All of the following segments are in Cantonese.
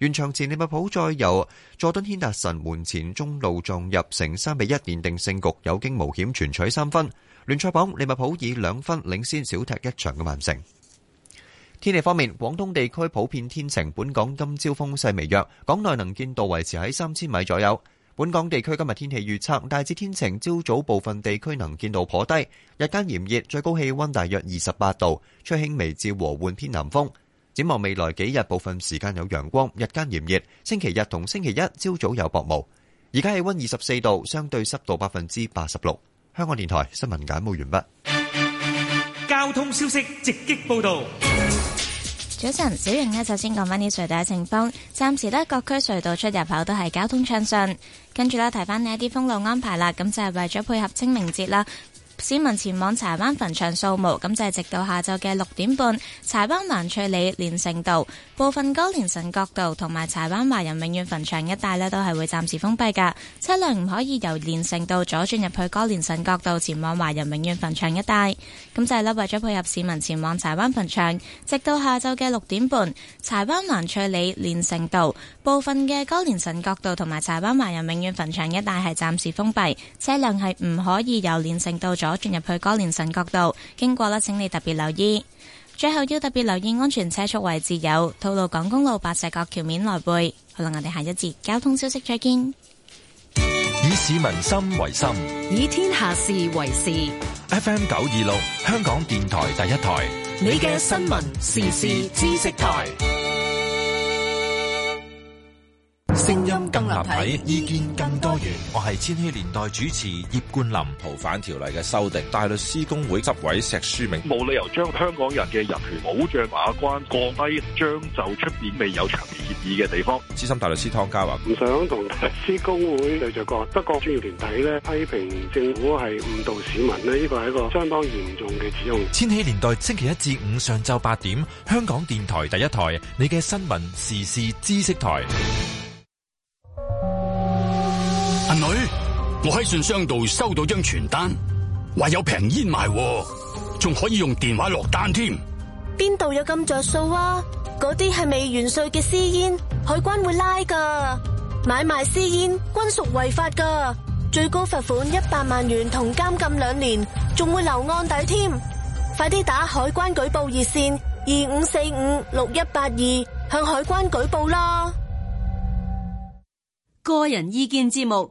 完場前利物浦再由佐敦軒達臣門前中路撞入，成三比一奠定勝局，有驚無險全取三分。聯賽榜利物浦以兩分領先小踢一場嘅曼城。天氣方面，廣東地區普遍天晴，本港今朝風勢微弱，港內能見度維持喺三千米左右。本港地區今日天氣預測大致天晴，朝早部分地區能見度頗低，日間炎熱，最高氣温大約二十八度，吹輕微至和緩偏南風。展望未來幾日，部分時間有陽光，日間炎熱。星期日同星期一朝早有薄霧。而家氣温二十四度，相對濕度百分之八十六。香港電台新聞簡報完畢。交通消息直擊報道。早晨，小瑩呢就先講翻啲隧道嘅情況。暫時呢，各區隧道出入口都係交通暢順。跟住啦，提翻呢一啲封路安排啦。咁就係為咗配合清明節啦。市民前往柴灣墳場掃墓，咁就係直到下晝嘅六點半，柴灣環翠里連城道部分、歌連臣角道同埋柴灣華人永遠墳場一帶呢都係會暫時封閉噶。車輛唔可以由連城道左轉入去歌連臣角道前往華人永遠墳場一帶。咁就係、是、啦，為咗配合市民前往柴灣墳場，直到下晝嘅六點半，柴灣環翠里連城道部分嘅歌連臣角道同埋柴灣華人永遠墳場一帶係暫時封閉，車輛係唔可以由連城道左。咗進入去歌連臣角道經過啦，請你特別留意。最後要特別留意安全車速位置有，吐露港公路白石角橋面來回。好啦，我哋下一節交通消息再見。以市民心為心，以天下事為事。FM 九二六，香港電台第一台，你嘅新聞時事知識台。聲音更立體，意見更多元。我係千禧年代主持葉冠林。逃犯條例嘅修訂，大律師公會執委石書明，冇理由將香港人嘅人權保障把關降低，將就出邊未有長期協議嘅地方。資深大律師湯家華，唔想同大律師公會對着幹，不過專業團體咧，批評政府係誤導市民咧，呢、呢個係一個相當嚴重嘅指控。千禧年代星期一至五上晝八點，香港電台第一台，你嘅新聞時事知識台。女，我喺信箱度收到張傳單，話有平煙賣，仲可以用電話落單添。邊度有咁着數啊？嗰啲係未完稅嘅私煙，海關會拉噶。買賣私煙均屬違法噶，最高罰款一百萬元同監禁兩年，仲會留案底添。快啲打海關舉報熱線，二五四五六一八二，向海關舉報啦。個人意見節目。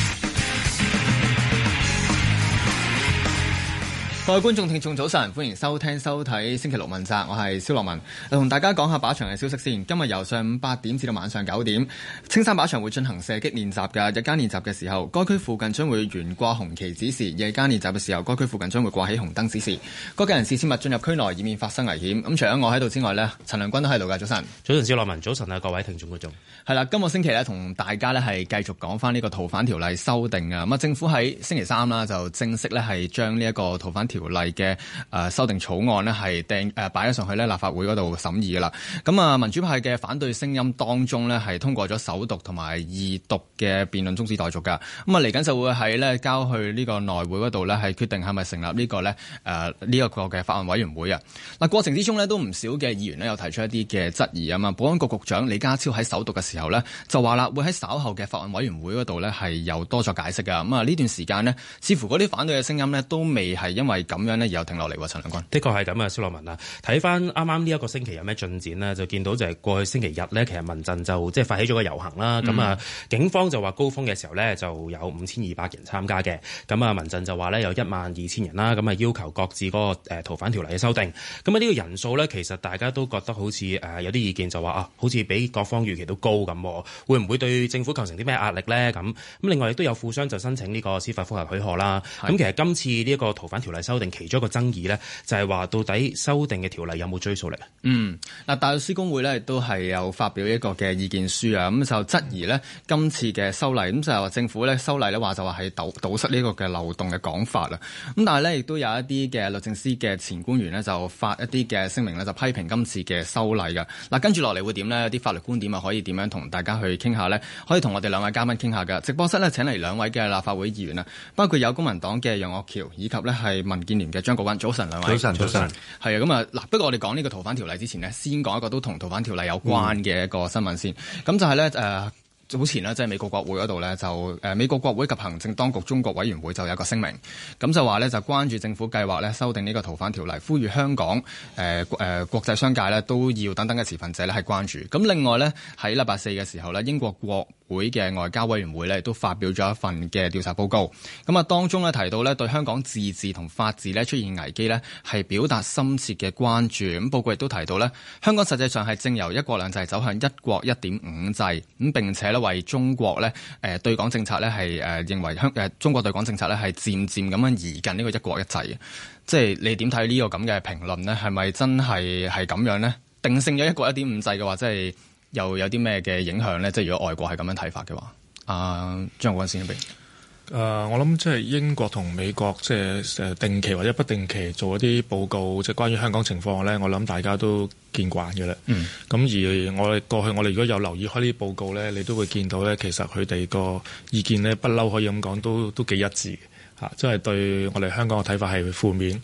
各位觀眾、聽眾早晨，歡迎收聽、收睇《星期六問責》，我係蕭洛汶，同大家講下靶場嘅消息先。今日由上午八點至到晚上九點，青山靶場會進行射擊練習嘅。日間練習嘅時候，該區附近將會懸掛紅旗指示；夜間練習嘅時候，該區附近將會掛起紅燈指示。各界人士切勿進入區內以，以免發生危險。咁除咗我喺度之外咧，陳亮均都喺度㗎。早晨，早晨，蕭洛汶，早晨啊，各位聽眾觀眾。係啦，今個星期呢，同大家呢係繼續講翻呢個逃犯條例修訂啊。咁啊，政府喺星期三啦，就正式呢係將呢一個逃犯條。條例嘅誒修訂草案呢係掟誒擺咗上去咧立法會嗰度審議噶啦。咁啊，民主派嘅反對聲音當中呢，係通過咗首讀同埋二讀嘅辯論中止待續噶。咁啊嚟緊就會係咧交去呢個內會嗰度呢，係決定係咪成立呢個呢、呃呢個咧誒呢一個嘅法案委員會啊。嗱，過程之中呢，都唔少嘅議員呢有提出一啲嘅質疑啊嘛。保安局局長李家超喺首讀嘅時候呢，就話啦會喺稍後嘅法案委員會嗰度呢，係有多作解釋噶。咁啊呢段時間呢，似乎嗰啲反對嘅聲音呢，都未係因為咁樣呢，又停落嚟喎，陳亮均。的確係咁啊，蕭洛汶啊，睇翻啱啱呢一個星期有咩進展呢？就見到就係過去星期日呢，其實民陣就即係、就是、發起咗個遊行啦。咁、嗯、啊，警方就話高峰嘅時候呢，就有五千二百人參加嘅。咁啊，民陣就話呢，有一萬二千人啦。咁啊，要求擱置嗰個逃犯條例嘅修訂。咁啊，呢個人數呢，其實大家都覺得好似誒有啲意見就話啊，好似比各方預期都高咁，會唔會對政府構成啲咩壓力呢？咁咁，另外亦都有富商就申請呢個司法覆核許可啦。咁其實今次呢一個逃犯條例修訂其中一個爭議呢，就係話到底修訂嘅條例有冇追溯力？嗯，嗱，大律師公會呢，亦都係有發表一個嘅意見書啊，咁就質疑呢，今次嘅修例，咁就係話政府呢，修例呢，話就話係堵堵塞呢個嘅漏洞嘅講法啦。咁但係呢，亦都有一啲嘅律政司嘅前官員呢，就發一啲嘅聲明呢，就批評今次嘅修例噶。嗱，跟住落嚟會點呢？有啲法律觀點啊可以點樣同大家去傾下呢？可以同我哋兩位嘉賓傾下噶。直播室呢，請嚟兩位嘅立法會議員啊，包括有公民黨嘅楊岳橋以及呢係民建聯嘅張國鈞。早晨兩位，早晨，早晨，係啊，咁啊，嗱，不過我哋講呢個逃犯條例之前呢，先講一個都同逃犯條例有關嘅一個新聞、嗯、先，咁就係咧誒。呃早前呢，即係美國國會嗰度呢，就誒美國國會及行政當局中國委員會就有一個聲明，咁就話呢，就關注政府計劃呢，修訂呢個逃犯條例，呼籲香港誒誒國際商界呢都要等等嘅持份者呢係關注。咁另外呢，喺禮拜四嘅時候呢，英國國會嘅外交委員會呢都發表咗一份嘅調查報告，咁啊當中呢提到呢對香港自治同法治呢出現危機呢係表達深切嘅關注。咁報告亦都提到呢，香港實際上係正由一國兩制走向一國一點五制，咁並且呢。為中國咧，誒，對港政策咧係誒，認為香誒，中國對港政策咧係漸漸咁樣移近呢個一國一制嘅，即係你點睇呢個咁嘅評論咧？係咪真係係咁樣咧？定性咗一國一點五制嘅話，即係又有啲咩嘅影響咧？即係如果外國係咁樣睇法嘅話，阿張國鈞先誒、呃，我諗即係英國同美國，即係誒定期或者不定期做一啲報告，即係關於香港情況咧。我諗大家都見慣嘅啦。咁、嗯、而我哋過去，我哋如果有留意開呢啲報告咧，你都會見到咧，其實佢哋個意見咧，不嬲可以咁講，都都幾一致吓，即係對我哋香港嘅睇法係負面。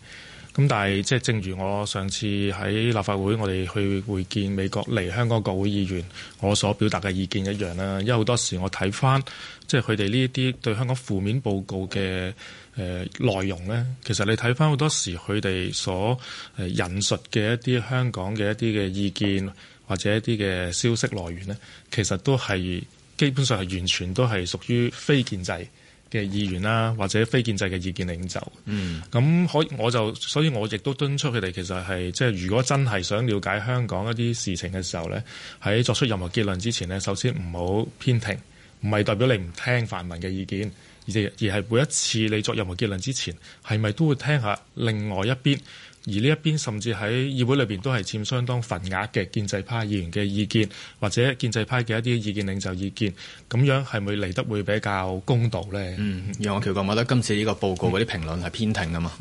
咁但係即係正如我上次喺立法會我哋去會見美國嚟香港國會議員，我所表達嘅意見一樣啦。因為好多時我睇翻即係佢哋呢一啲對香港負面報告嘅誒、呃、內容咧，其實你睇翻好多時佢哋所誒引述嘅一啲香港嘅一啲嘅意見或者一啲嘅消息來源咧，其實都係基本上係完全都係屬於非建制嘅議員啦，或者非建制嘅意見領袖。嗯，咁可我就，所以我亦都敦促佢哋，其實係即係如果真係想了解香港一啲事情嘅時候呢，喺作出任何結論之前呢，首先唔好偏聽，唔係代表你唔聽泛民嘅意見，而且而係每一次你作任何結論之前，係咪都會聽下另外一邊？而呢一邊甚至喺議會裏面都係佔相當份額嘅建制派議員嘅意見，或者建制派嘅一啲意見領袖意見，咁樣係咪嚟得會比較公道呢？嗯，楊岳橋，我覺得今次呢個報告嗰啲評論係偏聽啊嘛。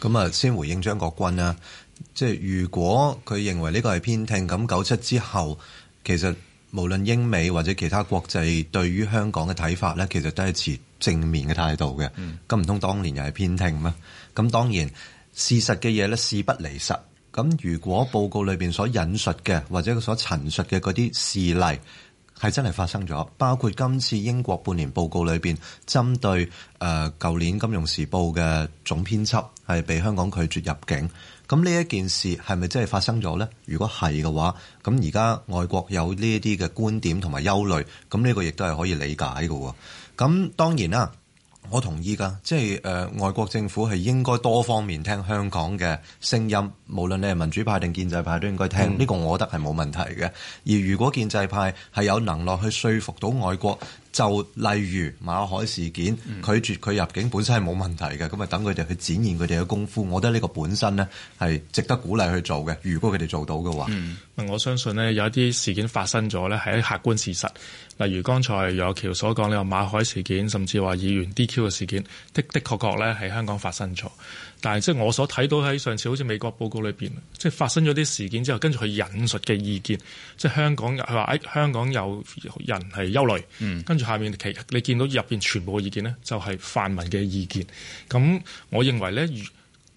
咁、嗯、啊、嗯，先回應張國鈞啦，即係如果佢認為呢個係偏聽，咁九七之後其實無論英美或者其他國際對於香港嘅睇法呢，其實都係持正面嘅態度嘅。咁唔通當年又係偏聽咩？咁當然。事實嘅嘢咧，事不離實。咁如果報告裏面所引述嘅，或者佢所陳述嘅嗰啲事例，係真係發生咗。包括今次英國半年報告裏面針對誒舊年金融時報嘅總編輯，係被香港拒絕入境。咁呢一件事係咪真係發生咗呢？如果係嘅話，咁而家外國有呢一啲嘅觀點同埋憂慮，咁呢個亦都係可以理解嘅。咁當然啦。我同意噶，即係誒、呃，外國政府係應該多方面聽香港嘅聲音，無論你係民主派定建制派都應該聽。呢、嗯這個我覺得係冇問題嘅。而如果建制派係有能力去說服到外國。就例如馬海事件，拒絕佢入境本身係冇問題嘅，咁啊等佢哋去展現佢哋嘅功夫，我覺得呢個本身呢係值得鼓勵去做嘅。如果佢哋做到嘅話，嗯我相信呢有一啲事件發生咗呢係一客觀事實，例如剛才岳橋所講呢個馬海事件，甚至話議員 DQ 嘅事件，的的確確呢喺香港發生咗。但係，即係我所睇到喺上次好似美國報告裏面，即係發生咗啲事件之後，跟住佢引述嘅意見，即係香港，佢話喺香港有人係憂慮，嗯、跟住下面其實你見到入面全部嘅意見咧，就係、是、泛民嘅意見。咁我認為咧。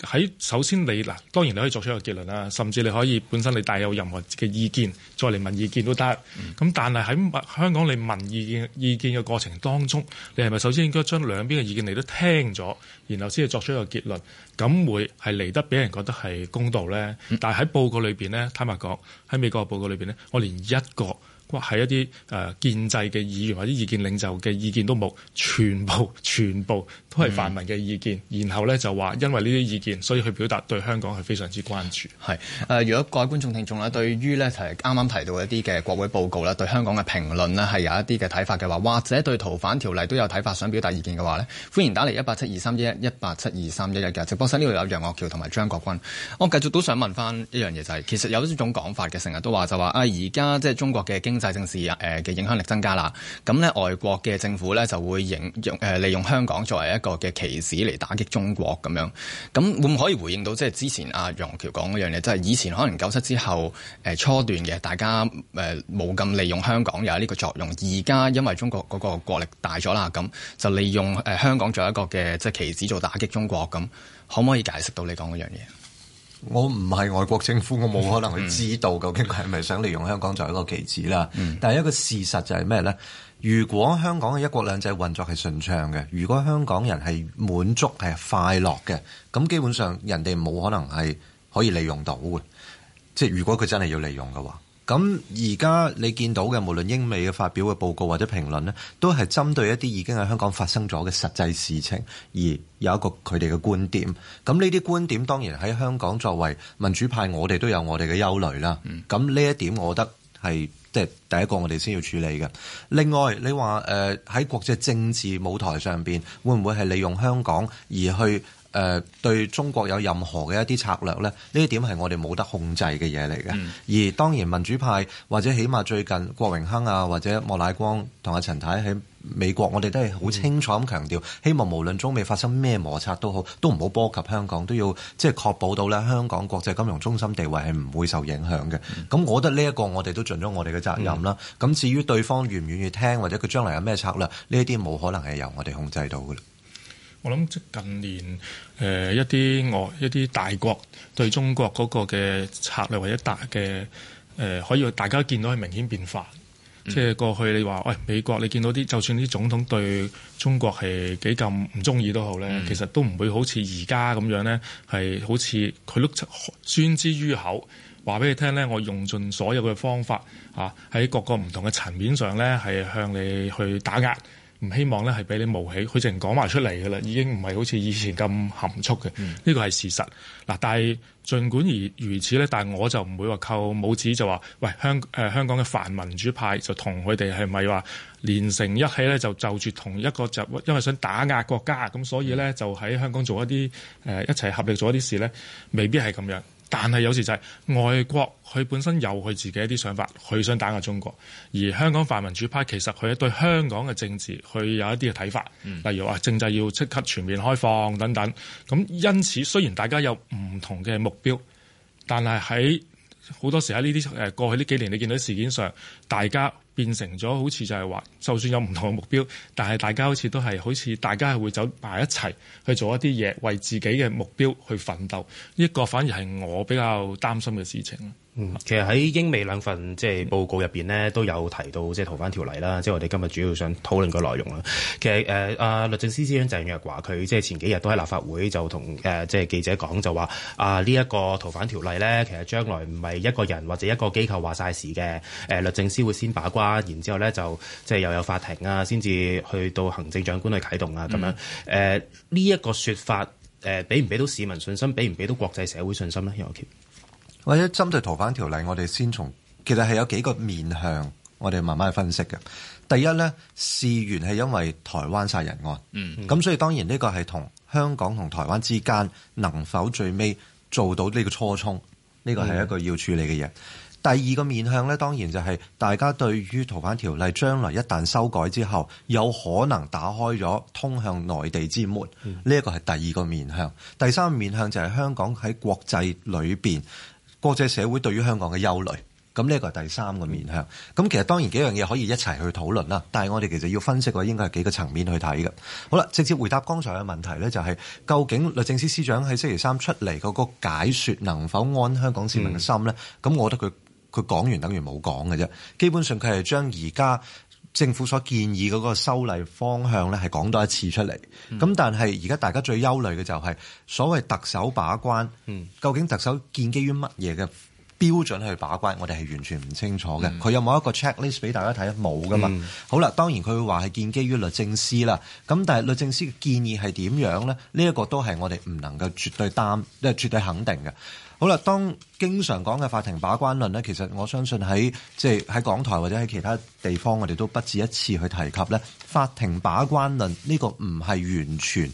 喺首先你嗱，當然你可以作出一個結論啦，甚至你可以本身你帶有任何嘅意見，再嚟問意見都得。咁、嗯、但係喺香港你問意見意見嘅過程當中，你係咪首先應該將兩邊嘅意見你都聽咗，然後先去作出一個結論，咁會係嚟得俾人覺得係公道咧、嗯？但係喺報告裏邊咧，坦白講，喺美國嘅報告裏邊咧，我連一個。或係一啲誒建制嘅議員或者意見領袖嘅意見都冇，全部全部都係泛民嘅意見，嗯、然後呢就話因為呢啲意見，所以去表達對香港係非常之關注。係誒、呃，如果各位觀眾聽眾呢，對於呢提啱啱提到一啲嘅國會報告啦，對香港嘅評論呢，係有一啲嘅睇法嘅話，或者對逃犯條例都有睇法想表達意見嘅話呢，歡迎打嚟一八七二三一一一八七二三一一嘅直播室，呢度有楊岳橋同埋張國鈞。我繼續都想問翻一樣嘢就係其實有呢種講法嘅，成日都話就話啊，而家即係中國嘅經。就係政事啊，嘅影響力增加啦。咁咧，外國嘅政府咧就會用利用香港作為一個嘅棋子嚟打擊中國咁樣。咁會唔可以回應到即係之前阿楊橋講嗰樣嘢，即係以前可能九七之後初段嘅，大家冇咁利用香港有呢個作用。而家因為中國嗰個國力大咗啦，咁就利用香港作為一個嘅即係棋子做打擊中國咁，可唔可以解釋到你講嗰樣嘢？我唔係外國政府，我冇可能去知道究竟佢係咪想利用香港作為一個棋子啦。但係一個事實就係咩呢？如果香港嘅一國兩制運作係順暢嘅，如果香港人係滿足係快樂嘅，咁基本上人哋冇可能係可以利用到嘅。即係如果佢真係要利用嘅話。咁而家你見到嘅無論英美嘅發表嘅報告或者評論呢，都係針對一啲已經喺香港發生咗嘅實際事情而有一個佢哋嘅觀點。咁呢啲觀點當然喺香港作為民主派，我哋都有我哋嘅憂慮啦。咁、嗯、呢一點我覺得係即係第一個我哋先要處理嘅。另外你話誒喺國際政治舞台上邊會唔會係利用香港而去？誒、呃、對中國有任何嘅一啲策略呢，呢一點係我哋冇得控制嘅嘢嚟嘅。而當然民主派或者起碼最近郭榮鏗啊，或者莫乃光同阿陳太喺美國，我哋都係好清楚咁強調，希望無論中美發生咩摩擦都好，都唔好波及香港，都要即係確保到呢香港國際金融中心地位係唔會受影響嘅。咁、嗯、我覺得呢一個我哋都盡咗我哋嘅責任啦。咁、嗯、至於對方願唔願意聽，或者佢將來有咩策略，呢一啲冇可能係由我哋控制到噶我諗即近年誒、呃、一啲外、呃、一啲大國對中國嗰個嘅策略或者大嘅誒、呃、可以大家見到係明顯變化，即、嗯、係、就是、過去你話喂、哎、美國你見到啲就算啲總統對中國係幾咁唔中意都好咧、嗯，其實都唔會好似而家咁樣咧，係好似佢碌出宣之於口，話俾你聽咧，我用盡所有嘅方法啊，喺各個唔同嘅層面上咧係向你去打壓。唔希望咧係俾你冒起，佢直情講埋出嚟噶啦，已經唔係好似以前咁含蓄嘅，呢個係事實。嗱，但係儘管而如此咧，但我就唔會話靠武指就話，喂，香香港嘅泛民主派就同佢哋係咪話連成一起咧，就就住同一個就因為想打壓國家，咁所以咧就喺香港做一啲一齊合力做一啲事咧，未必係咁樣。但係有時就係外國佢本身有佢自己一啲想法，佢想打壓中國。而香港泛民主派其實佢對香港嘅政治佢有一啲嘅睇法，嗯，例如話政制要即刻全面開放等等。咁因此雖然大家有唔同嘅目標，但係喺好多時喺呢啲誒過去呢幾年你見到事件上大家，變成咗好似就係話，就算有唔同嘅目標，但係大家好似都係好似大家係會走埋一齊去做一啲嘢，為自己嘅目標去奮鬥。呢個反而係我比較擔心嘅事情。嗯、其實喺英美兩份即係、就是、報告入面呢都有提到即係逃犯條例啦，即係我哋今日主要想討論個內容啦。其實誒、呃、律政司司長鄭若驊佢即係前幾日都喺立法會就同誒即係記者講就話啊呢一個逃犯條例呢，其實將來唔係一個人或者一個機構話晒事嘅。誒、呃、律政司會先把關，然之後呢，就即、是、係又有法庭啊，先至去到行政長官去啟動啊咁、嗯、樣。誒呢一個説法誒俾唔俾到市民信心，俾唔俾到國際社會信心呢？有或者針對逃犯條例，我哋先從其實係有幾個面向，我哋慢慢分析嘅。第一呢，事源係因為台灣殺人案，咁、嗯嗯、所以當然呢個係同香港同台灣之間能否最尾做到呢個初衷，呢、這個係一個要處理嘅嘢、嗯。第二個面向呢，當然就係大家對於逃犯條例將來一旦修改之後，有可能打開咗通向內地之門，呢、嗯、一、這個係第二個面向。第三個面向就係香港喺國際裏面。國際社會對於香港嘅憂慮，咁呢個係第三個面向。咁其實當然幾樣嘢可以一齊去討論啦。但係我哋其實要分析嘅應該係幾個層面去睇嘅。好啦，直接回答剛才嘅問題呢、就是，就係究竟律政司司長喺星期三出嚟嗰個解說能否安香港市民嘅心呢？咁、嗯、我覺得佢佢講完等於冇講嘅啫。基本上佢係將而家。政府所建議嗰個修例方向咧，係講多一次出嚟咁。但係而家大家最憂慮嘅就係所謂特首把關，究竟特首建基於乜嘢嘅標準去把關？我哋係完全唔清楚嘅。佢有冇一個 check list 俾大家睇？冇噶嘛。好啦，當然佢會話係建基於律政司啦。咁但係律政司嘅建議係點樣咧？呢一個都係我哋唔能夠絕對擔即係絕對肯定嘅。好啦，當經常講嘅法庭把關論呢，其實我相信喺即係喺港台或者喺其他地方，我哋都不止一次去提及呢法庭把關論呢個唔係完全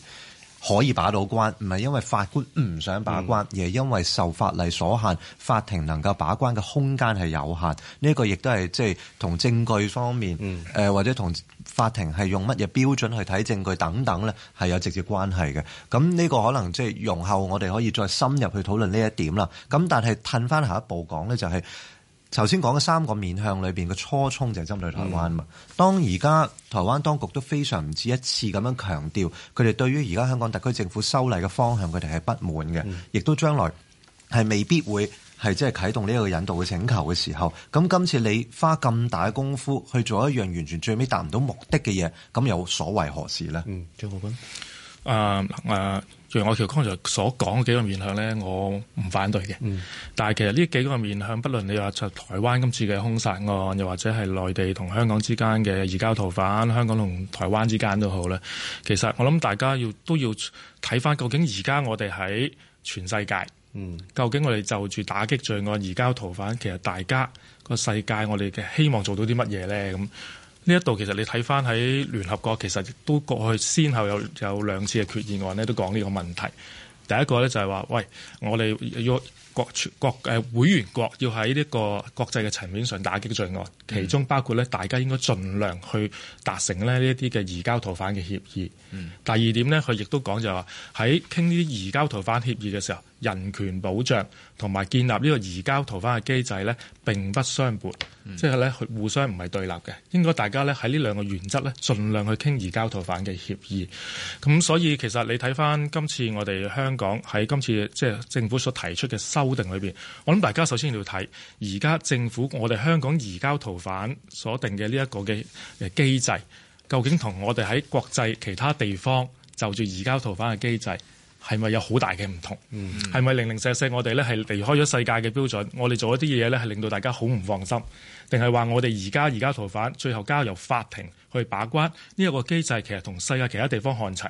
可以把到關，唔係因為法官唔想把關，而係因為受法例所限，法庭能夠把關嘅空間係有限。呢個亦都係即係同證據方面，呃、或者同。法庭係用乜嘢標準去睇證據等等呢係有直接關係嘅。咁呢個可能即係容後，我哋可以再深入去討論呢一點啦。咁但係褪翻下一步講呢，就係頭先講嘅三個面向裏邊嘅初衷就係針對台灣嘛。嗯、當而家台灣當局都非常唔止一次咁樣強調，佢哋對於而家香港特區政府修例嘅方向，佢哋係不滿嘅，亦都將來係未必會。係即係啟動呢個個引導嘅請求嘅時候，咁今次你花咁大嘅功夫去做一樣完全最尾達唔到目的嘅嘢，咁又所為何事咧、嗯？張國鈞，啊、呃、啊，楊岳橋剛才所講嘅幾個面向咧，我唔反對嘅、嗯。但係其實呢幾個面向，不論你話就台灣今次嘅兇殺案，又或者係內地同香港之間嘅移交逃犯，香港同台灣之間都好咧。其實我諗大家要都要睇翻，究竟而家我哋喺全世界。嗯，究竟我哋就住打擊罪案移交逃犯，其實大家個世界，我哋嘅希望做到啲乜嘢呢？咁呢一度其實你睇翻喺聯合國，其實都過去先後有有兩次嘅決議案呢，都講呢個問題。第一個呢，就係話，喂，我哋要。國全國誒、呃、會員國要喺呢個國際嘅層面上打擊罪案，嗯、其中包括咧，大家應該盡量去達成呢呢一啲嘅移交逃犯嘅協議、嗯。第二點呢，佢亦都講就話喺傾呢啲移交逃犯協議嘅時候，人權保障同埋建立呢個移交逃犯嘅機制呢並不相悖、嗯，即係佢互相唔係對立嘅，應該大家呢喺呢兩個原則呢盡量去傾移交逃犯嘅協議。咁所以其實你睇翻今次我哋香港喺今次即政府所提出嘅修定裏邊，我諗大家首先要睇而家政府我哋香港移交逃犯所定嘅呢一個嘅機制，究竟同我哋喺國際其他地方就住移交逃犯嘅機制，係咪有好大嘅唔同？係、嗯、咪零零舍舍我哋咧係離開咗世界嘅標準？我哋做一啲嘢咧係令到大家好唔放心，定係話我哋而家移交逃犯最後交由法庭去把關呢一個機制，其實同世界其他地方看齊？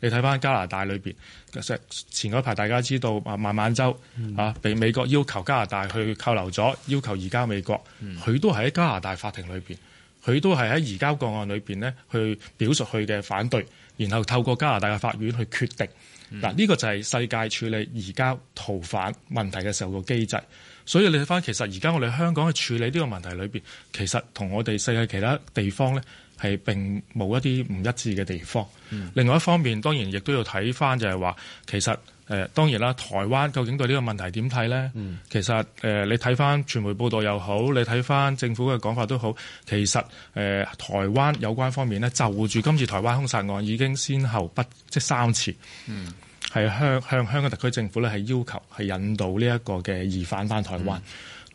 你睇翻加拿大裏面，前嗰排大家知道啊，孟晚舟啊，被美國要求加拿大去扣留咗，要求移交美國，佢都係喺加拿大法庭裏面，佢都係喺移交個案裏面呢去表述佢嘅反對，然後透過加拿大嘅法院去決定。嗱、嗯，呢、這個就係世界處理移交逃犯問題嘅時候個機制。所以你睇翻，其實而家我哋香港去處理呢個問題裏面，其實同我哋世界其他地方咧，係並冇一啲唔一致嘅地方、嗯。另外一方面，當然亦都要睇翻就係話，其實誒、呃、當然啦，台灣究竟對呢個問題點睇咧？其實、呃、你睇翻傳媒報道又好，你睇翻政府嘅講法都好，其實、呃、台灣有關方面咧，就住今次台灣兇殺案已經先後不即三次，係、嗯、向向香港特區政府咧係要求係引渡呢一個嘅疑犯翻台灣。嗯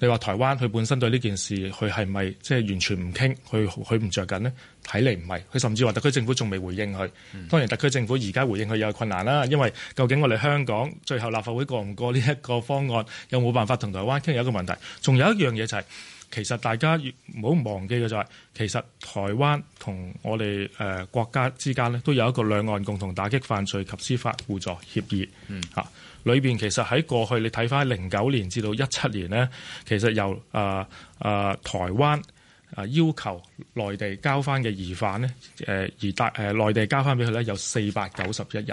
你話台灣佢本身對呢件事佢係咪即係完全唔傾，佢佢唔着緊呢？睇嚟唔係，佢甚至話特區政府仲未回應佢、嗯。當然，特區政府而家回應佢有困難啦，因為究竟我哋香港最後立法會過唔過呢一個方案，有冇辦法同台灣傾，有一個問題。仲有一樣嘢就係、是，其實大家唔好忘記嘅就係、是，其實台灣同我哋誒國家之間咧，都有一個兩岸共同打擊犯罪及司法互助協議。嗯，嚇。裏面其實喺過去，你睇翻零九年至到一七年呢，其實由啊啊、呃呃、台灣啊要求內地交翻嘅疑犯呢，誒而大誒內地交翻俾佢呢，有四百九十一人，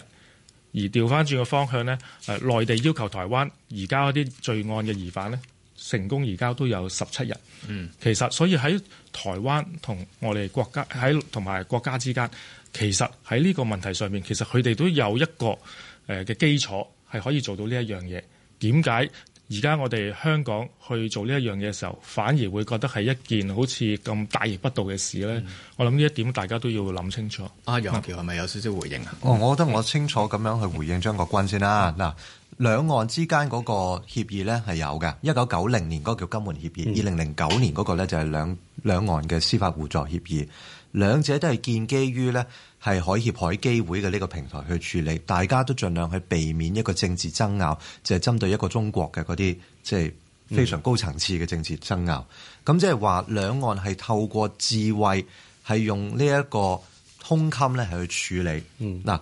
而調翻轉個方向呢，誒、呃、內地要求台灣移交一啲罪案嘅疑犯呢，成功移交都有十七人。嗯，其實所以喺台灣同我哋國家喺同埋國家之間，其實喺呢個問題上面，其實佢哋都有一個誒嘅、呃、基礎。係可以做到呢一樣嘢，點解而家我哋香港去做呢一樣嘢嘅時候，反而會覺得係一件好似咁大逆不道嘅事咧、嗯？我諗呢一點大家都要諗清楚。阿楊岳橋係咪有少少回應啊、嗯哦？我覺得我清楚咁樣去回應張國鈞先啦。嗱、嗯，兩岸之間嗰個協議咧係有嘅，一九九零年嗰個叫金門協議，二零零九年嗰個咧就係兩、嗯、兩岸嘅司法互助協議，兩者都係建基於咧。係海協海基會嘅呢個平台去處理，大家都盡量去避免一個政治爭拗，就係、是、針對一個中國嘅嗰啲，即係非常高層次嘅政治爭拗。咁即係話兩岸係透過智慧，係用呢一個胸襟咧，係去處理。嗱、嗯，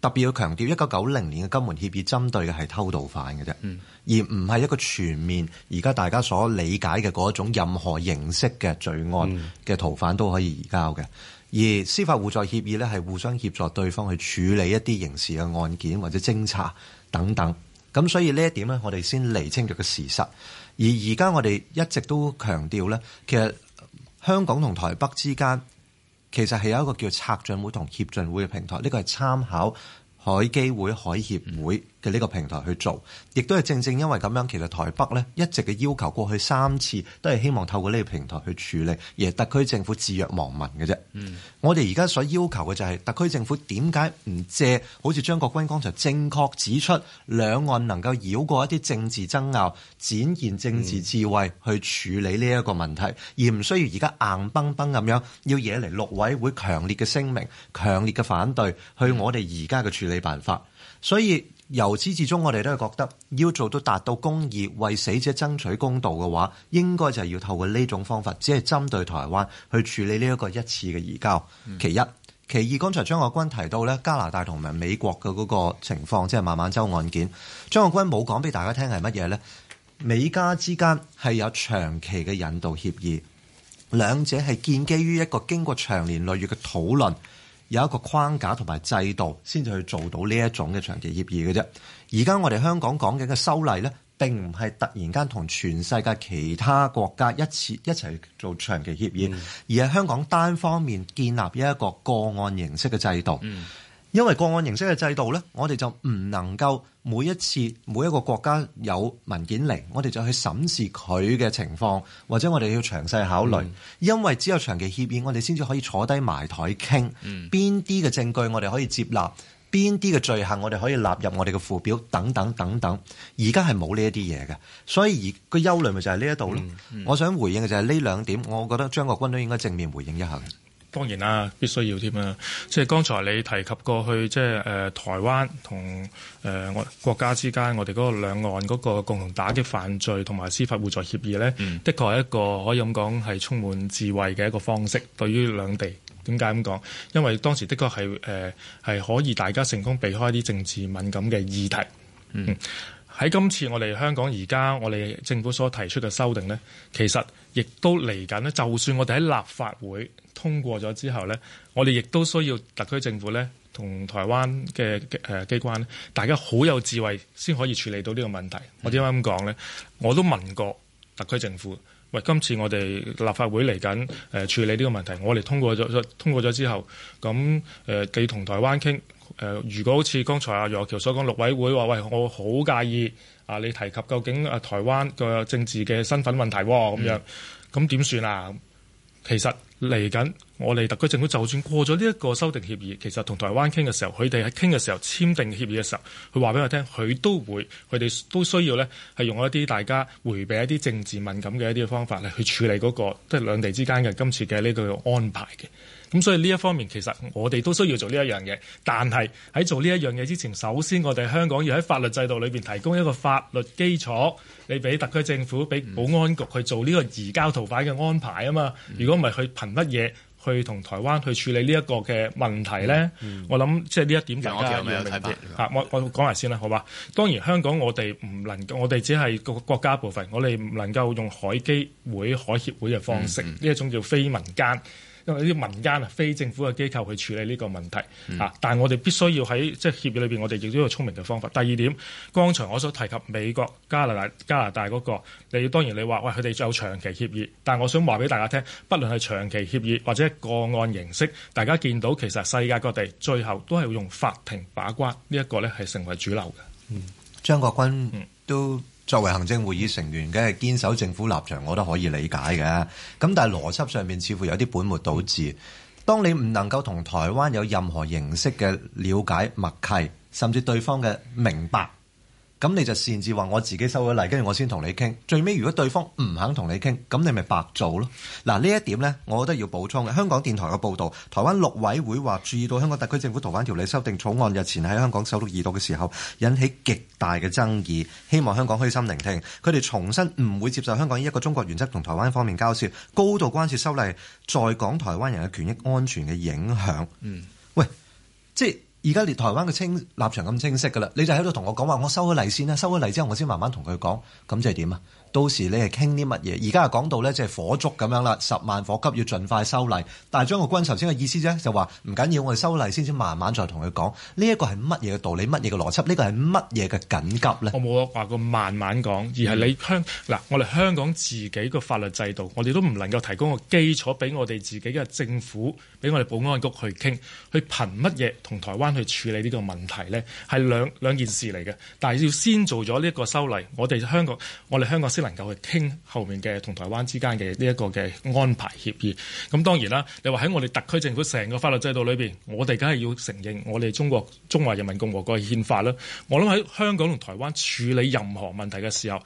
特別要強調，一九九零年嘅《金門協議》針對嘅係偷渡犯嘅啫、嗯，而唔係一個全面，而家大家所理解嘅嗰種任何形式嘅罪案嘅逃犯都可以移交嘅。而司法互助協議呢，係互相協助對方去處理一啲刑事嘅案件或者偵查等等。咁所以呢一點呢，我哋先釐清咗個事實。而而家我哋一直都強調呢，其實香港同台北之間其實係有一個叫策進會同協進會嘅平台。呢個係參考海基會、海協會嘅呢個平台去做，亦都係正正因為咁樣，其實台北呢一直嘅要求，過去三次都係希望透過呢個平台去處理，而特區政府置若罔聞嘅啫。嗯，我哋而家所要求嘅就係、是、特區政府點解唔借好似張國鈞剛才正確指出，兩岸能夠繞過一啲政治爭拗，展現政治智慧去處理呢一個問題，嗯、而唔需要而家硬崩崩咁樣要惹嚟陸委會強烈嘅聲明、強烈嘅反對去我哋而家嘅處理辦法，所以。由始至終，我哋都係覺得要做到達到公義，為死者爭取公道嘅話，應該就要透過呢種方法，只係針對台灣去處理呢一個一次嘅移交。嗯。其一，其二，剛才張國鈞提到咧，加拿大同埋美國嘅嗰個情況，即係孟晚舟案件，張國鈞冇講俾大家聽係乜嘢呢？美加之間係有長期嘅引渡協議，兩者係建基於一個經過長年累月嘅討論。有一個框架同埋制度，先至去做到呢一種嘅長期協議嘅啫。而家我哋香港講緊嘅修例呢，並唔係突然間同全世界其他國家一次一齊做長期協議，嗯、而係香港單方面建立一個個案形式嘅制度。嗯因為個案形式嘅制度呢，我哋就唔能夠每一次每一個國家有文件嚟，我哋就去審視佢嘅情況，或者我哋要詳細考慮、嗯。因為只有長期協議，我哋先至可以坐低埋台傾，邊啲嘅證據我哋可以接納，邊啲嘅罪行我哋可以納入我哋嘅附表等等等等。而家係冇呢一啲嘢嘅，所以而個憂慮咪就係呢一度咯。我想回應嘅就係呢兩點，我覺得張國鈞都應該正面回應一下。當然啦，必須要添啊。即係剛才你提及過去，即係誒台灣同誒我國家之間，我哋嗰個兩岸嗰個共同打擊犯罪同埋司法互助協議呢，嗯，的確係一個可以咁講係充滿智慧嘅一個方式。對於兩地點解咁講？因為當時的確係誒係可以大家成功避開啲政治敏感嘅議題。嗯。喺今次我哋香港而家我哋政府所提出嘅修訂呢，其實亦都嚟緊。就算我哋喺立法會通過咗之後呢，我哋亦都需要特區政府呢同台灣嘅機關呢，大家好有智慧先可以處理到呢個問題。我點解咁講呢？我都問過特區政府，喂，今次我哋立法會嚟緊，處理呢個問題，我哋通過咗，通過咗之後，咁誒既同台灣傾。誒、呃，如果好似剛才阿楊岳橋所講，陸委會話喂，我好介意啊，你提及究竟啊台灣嘅政治嘅身份問題喎，咁、嗯、樣咁點算啊？其實嚟緊，我哋特區政府就算過咗呢一個修訂協議，其實同台灣傾嘅時候，佢哋喺傾嘅時候簽訂協議嘅時候，佢話俾我聽，佢都會佢哋都需要呢係用一啲大家回避一啲政治敏感嘅一啲方法嚟去處理嗰、那個即係、就是、兩地之間嘅今次嘅呢個安排嘅。咁、嗯、所以呢一方面，其實我哋都需要做呢一樣嘢，但係喺做呢一樣嘢之前，首先我哋香港要喺法律制度裏邊提供一個法律基礎，你俾特區政府俾保安局去做呢個移交逃犯嘅安排啊嘛。如果唔係去憑乜嘢去同台灣去處理呢一個嘅問題咧、嗯嗯，我諗即係呢一點大家有啲睇，我我講埋先啦，好吧，當然香港我哋唔能夠，我哋只係個國家部分，我哋唔能夠用海基會海協會嘅方式，呢、嗯、一、嗯、種叫非民間。因為呢啲民間啊，非政府嘅機構去處理呢個問題嚇、嗯，但係我哋必須要喺即係協議裏邊，我哋亦都有聰明嘅方法。第二點，剛才我所提及美國加拿大、加拿大嗰、那個，你當然你話喂佢哋仲有長期協議，但係我想話俾大家聽，不論係長期協議或者個案形式，大家見到其實世界各地最後都係用法庭把關，呢、這、一個呢係成為主流嘅。嗯，張國鈞都。嗯作為行政會議成員嘅堅守政府立場，我都可以理解嘅。咁但係邏輯上面似乎有啲本末倒置。當你唔能夠同台灣有任何形式嘅了解、默契，甚至對方嘅明白。咁你就擅自話我自己收咗例，跟住我先同你傾。最尾如果對方唔肯同你傾，咁你咪白做咯。嗱呢一點呢，我覺得要補充嘅。香港電台嘅報導，台灣陸委會話注意到香港特區政府逃犯條例修訂草案日前喺香港首讀二讀嘅時候，引起極大嘅爭議。希望香港虛心聆聽，佢哋重申唔會接受香港以一個中國原則同台灣方面交涉，高度關切修例在港台灣人嘅權益安全嘅影響。嗯，喂，即而家連台灣嘅清立場咁清晰㗎啦，你就喺度同我講話，我收咗例先啦，收咗例之後我先慢慢同佢講，咁即係點啊？到時你係傾啲乜嘢？而家又講到咧，即係火燭咁樣啦，十萬火急要盡快修例。但係張國鈞頭先嘅意思啫，就話唔緊要，我哋修例先至，慢慢再同佢講。呢一個係乜嘢嘅道理？乜嘢嘅邏輯？呢個係乜嘢嘅緊急咧？我冇話過慢慢講，而係你香嗱，我哋香港自己個法律制度，我哋都唔能夠提供個基礎俾我哋自己嘅政府，俾我哋保安局去傾，去憑乜嘢同台灣去處理呢個問題咧？係兩兩件事嚟嘅，但係要先做咗呢一個修例，我哋香港，我哋香港。只能夠去傾後面嘅同台灣之間嘅呢一個嘅安排協議，咁當然啦，你話喺我哋特區政府成個法律制度裏邊，我哋梗係要承認我哋中國中華人民共和國嘅憲法啦。我諗喺香港同台灣處理任何問題嘅時候，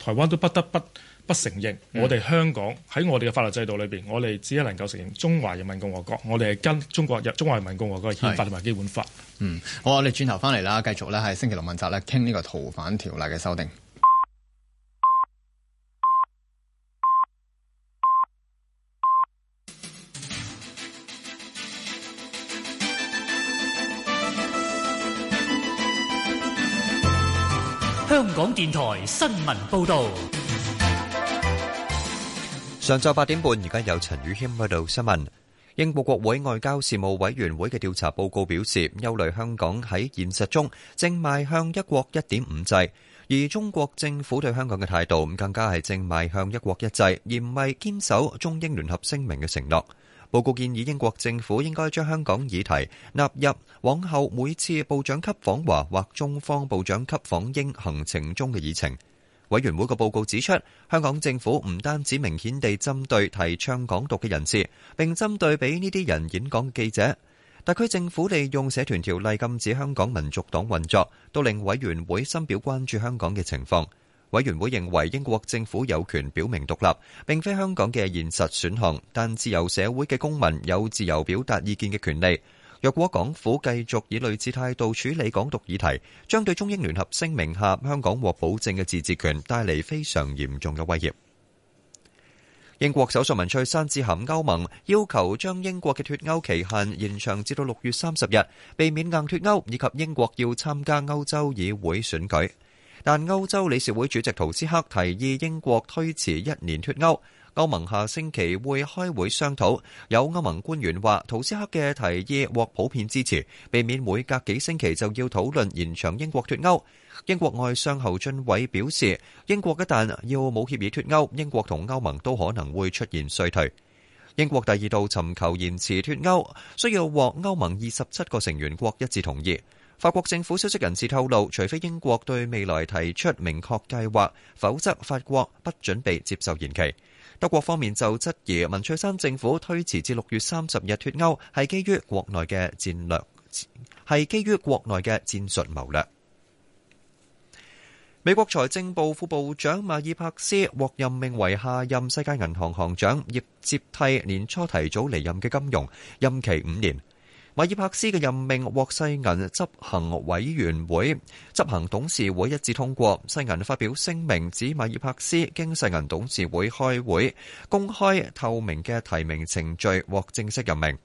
台灣都不得不不承認我哋香港喺，嗯、我哋嘅法律制度裏邊，我哋只能夠承認中華人民共和國，我哋係跟中國中華人民共和國憲法同埋基本法。嗯，好，我哋轉頭翻嚟啦，繼續咧喺星期六問責咧、這個，傾呢個逃犯條例嘅修訂。香港電台新聞報道：上晝八點半，而家有陳宇謙喺度報新聞。英國國會外交事務委員會嘅調查報告表示，憂慮香港喺現實中正邁向一國報告建議英國政府應該將香港議題納入往後每次部長級訪華或中方部長級訪英行程中嘅議程。委員會嘅報告指出，香港政府唔單止明顯地針對提倡港獨嘅人士，並針對俾呢啲人演講嘅記者。特區政府利用社團條例禁止香港民族黨運作，都令委員會深表關注香港嘅情況。委員會認為英國政府有權表明獨立並非香港的現實選項，但自由社會的公民有自由表達意見的權利，若果港府繼續以類似態度處理港獨議題，將對中英聯合聲明下香港獲保證的自治權帶來非常嚴重的威脅。英國首相文翠珊致函歐盟，要求將英國的脫歐期限延長至到6月30日，避免硬脫歐以及英國要參加歐洲議會選舉。但歐洲理事會主席圖斯克提議英國推遲一年脫歐。歐盟下星期會開會商討。有歐盟官員話，圖斯克嘅提議獲普遍支持，避免每隔幾星期就要討論延長英國脫歐。英國外相侯俊偉表示，英國一旦要冇協議脫歐，英國同歐盟都可能會出現衰退。英國第二度尋求延遲脫歐，需要獲歐盟二十七個成員國一致同意。法國政府消息人士透露，除非英國對未來提出明確計劃，否則法國不準備接受延期。德國方面就質疑文翠山政府推遲至六月三十日脫歐，係基於國內嘅戰略，係基於國內嘅戰術謀略。美國財政部副部長馬爾帕斯獲任命為下任世界銀行行長，亦接替年初提早離任嘅金墉，任期五年。馬爾帕斯嘅任命獲世銀執行委員會、執行董事會一致通過。世銀發表聲明指，馬爾帕斯經世銀董事會開會，公開透明嘅提名程序獲正式任命。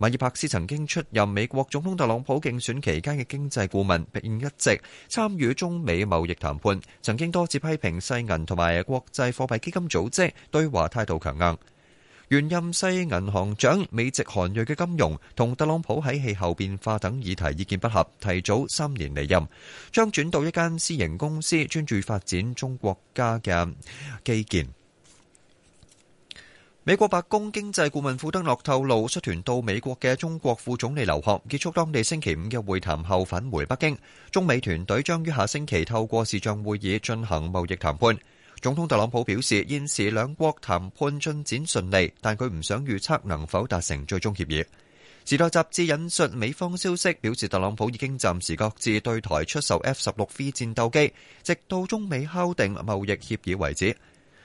馬爾帕斯曾經出任美國總統特朗普競選期間嘅經濟顧問，並一直參與中美貿易談判，曾經多次批評世銀同埋國際貨幣基金組織對華態度強硬。原任西銀行長美籍韓裔嘅金融同特朗普喺氣候變化等議題意見不合,提早三年離任,將轉到一間私營公司專注發展中國家嘅基建。美國白宮經濟顧問傅登樂透露率團到美國嘅中國副總理留學,結束當地星期五嘅會談後返回北京,中美團隊將於下星期透過視像會議進行貿易談判。總統特朗普表示，現時兩國談判進展順利，但佢唔想預測能否達成最終協議。時代雜誌引述美方消息，表示特朗普已經暫時擱置對台出售 F 十六 V 戰鬥機，直到中美敲定貿易協議為止。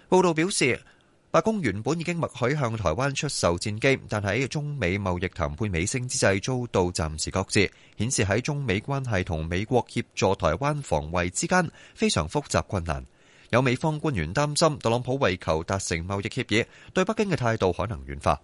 報導表示，白宮原本已經默許向台灣出售戰機，但喺中美貿易談判尾聲之際遭到暫時擱置，顯示喺中美關係同美國協助台灣防衛之間非常複雜困難。有美方官員擔心，特朗普為求達成貿易協議，對北京嘅態度可能軟化。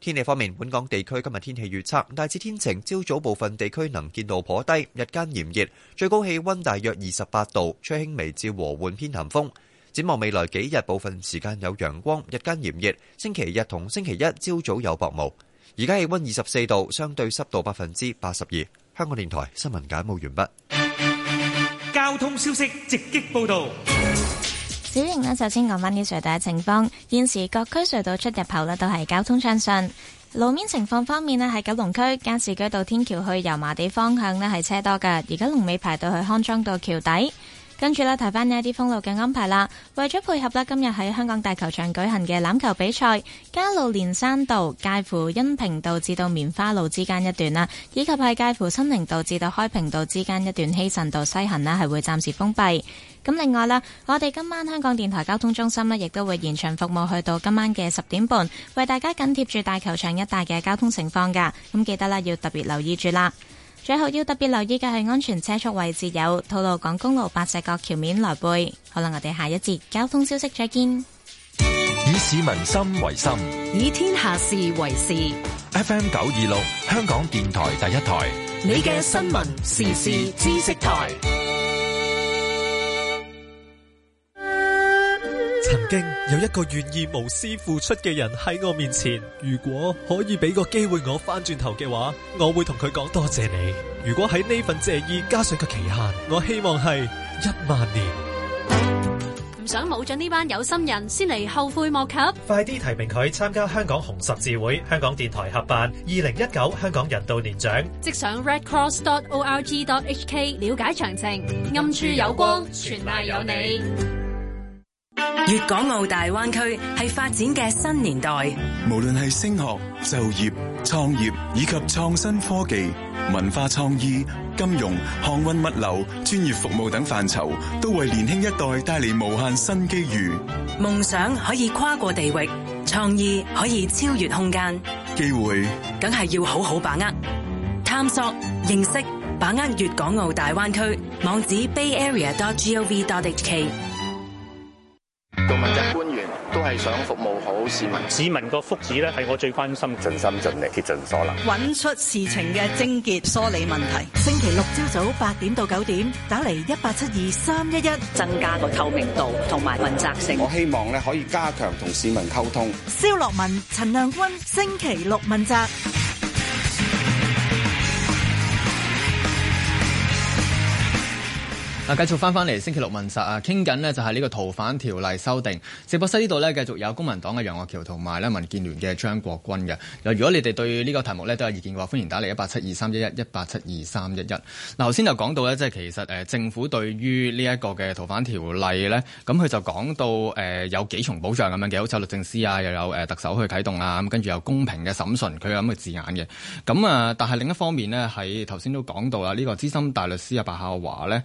天氣方面，本港地區今日天氣預測大致天晴，朝早部分地區能見度頗低，日間炎熱，最高氣温大約二十八度，吹輕微至和緩偏南風。展望未來幾日，部分時間有陽光，日間炎熱。星期日同星期一朝早有薄霧。而家氣温二十四度，相對濕度百分之八十二。香港電台新聞簡報完畢。交通消息直擊報道，小瑩呢，首先講翻啲隧道嘅情況。現時各區隧道出入口呢，都係交通暢順。路面情況方面呢，喺九龍區加士居道天橋去油麻地方向呢，係車多㗎，而家龍尾排到去康莊道橋底。跟住呢，睇翻呢一啲封路嘅安排啦。為咗配合呢，今日喺香港大球場舉行嘅欖球比賽，加路連山道介乎恩平道至到棉花路之間一段啦，以及係介乎新寧道至到開平道之間一段希慎道西行咧，係會暫時封閉。咁另外啦，我哋今晚香港電台交通中心呢，亦都會延長服務去到今晚嘅十點半，為大家緊貼住大球場一帶嘅交通情況㗎。咁記得啦，要特別留意住啦。最後要特別留意嘅係安全車速位置，有吐露港公路白石角橋面來背。好啦，我哋下一節交通消息再見。以市民心為心，以天下事為事。F M 九二六，香港電台第一台。你嘅新聞時事知識台。曾經有一個願意無私付出嘅人喺我面前，如果可以俾個機會我翻轉頭嘅話，我會同佢講多謝你。如果喺呢份謝意加上個期限，我希望係一萬年。唔想冇咗呢班有心人先嚟後悔莫及，快啲提名佢參加香港紅十字會香港電台合辦二零一九香港人道年獎。即上 redcross.org.hk 了解詳情。暗處有光，全賴有你。粵港澳大灣區係發展嘅新年代，無論係升學、就業、創業以及創新科技、文化創意、金融、航運、物流、專業服務等範疇，都為年輕一代帶嚟無限新機遇。夢想可以跨過地域，創意可以超越空間，機會，梗係要好好把握。探索、認識、把握粵港澳大灣區，網址：bayarea.gov.hk。做問責官員都係想服務好市民，市民個福祉咧係我最關心，盡心盡力，竭盡所能，揾出事情嘅症結、梳理問題。星期六朝早八點到九點，打嚟一八七二三一一，增加個透明度同埋問責性。我希望咧可以加強同市民溝通。蕭洛汶、陳亮均，星期六問責。嗱，繼續翻返嚟星期六問實啊，傾緊呢就係呢個逃犯條例修訂。直播室呢度呢，繼續有公民黨嘅楊岳橋同埋咧民建聯嘅張國鈞嘅。如果你哋對呢個題目呢都有意見嘅話，歡迎打嚟一八七二三一一一八七二三一一。嗱，頭先就講到呢，即係其實政府對於呢一個嘅逃犯條例呢，咁佢就講到誒有幾重保障咁樣嘅。好似律政司啊，又有特首去啟動啊，咁跟住有公平嘅審訊，佢有咁嘅字眼嘅。咁啊，但係另一方面呢，喺頭先都講到啦，呢個資深大律師阿白孝華呢。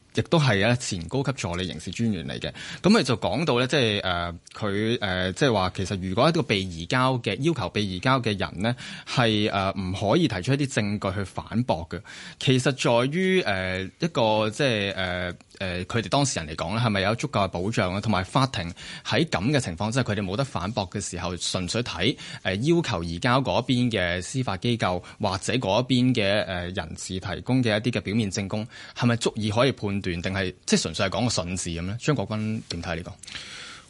亦都係啊，前高級助理刑事專員嚟嘅，咁佢就講到咧，即係誒佢誒即係話，其實如果一個被移交嘅要求被移交嘅人咧，係誒唔可以提出一啲證據去反駁嘅，其實在於誒、呃、一個即係誒誒佢哋當事人嚟講咧，係咪有足夠嘅保障啊同埋法庭喺咁嘅情況，即係佢哋冇得反駁嘅時候，純粹睇誒、呃、要求移交嗰一邊嘅司法機構或者嗰一邊嘅誒人士提供嘅一啲嘅表面證供，係咪足以可以判？斷定係，即係純粹係講個信字咁咧，張國鈞點睇你講？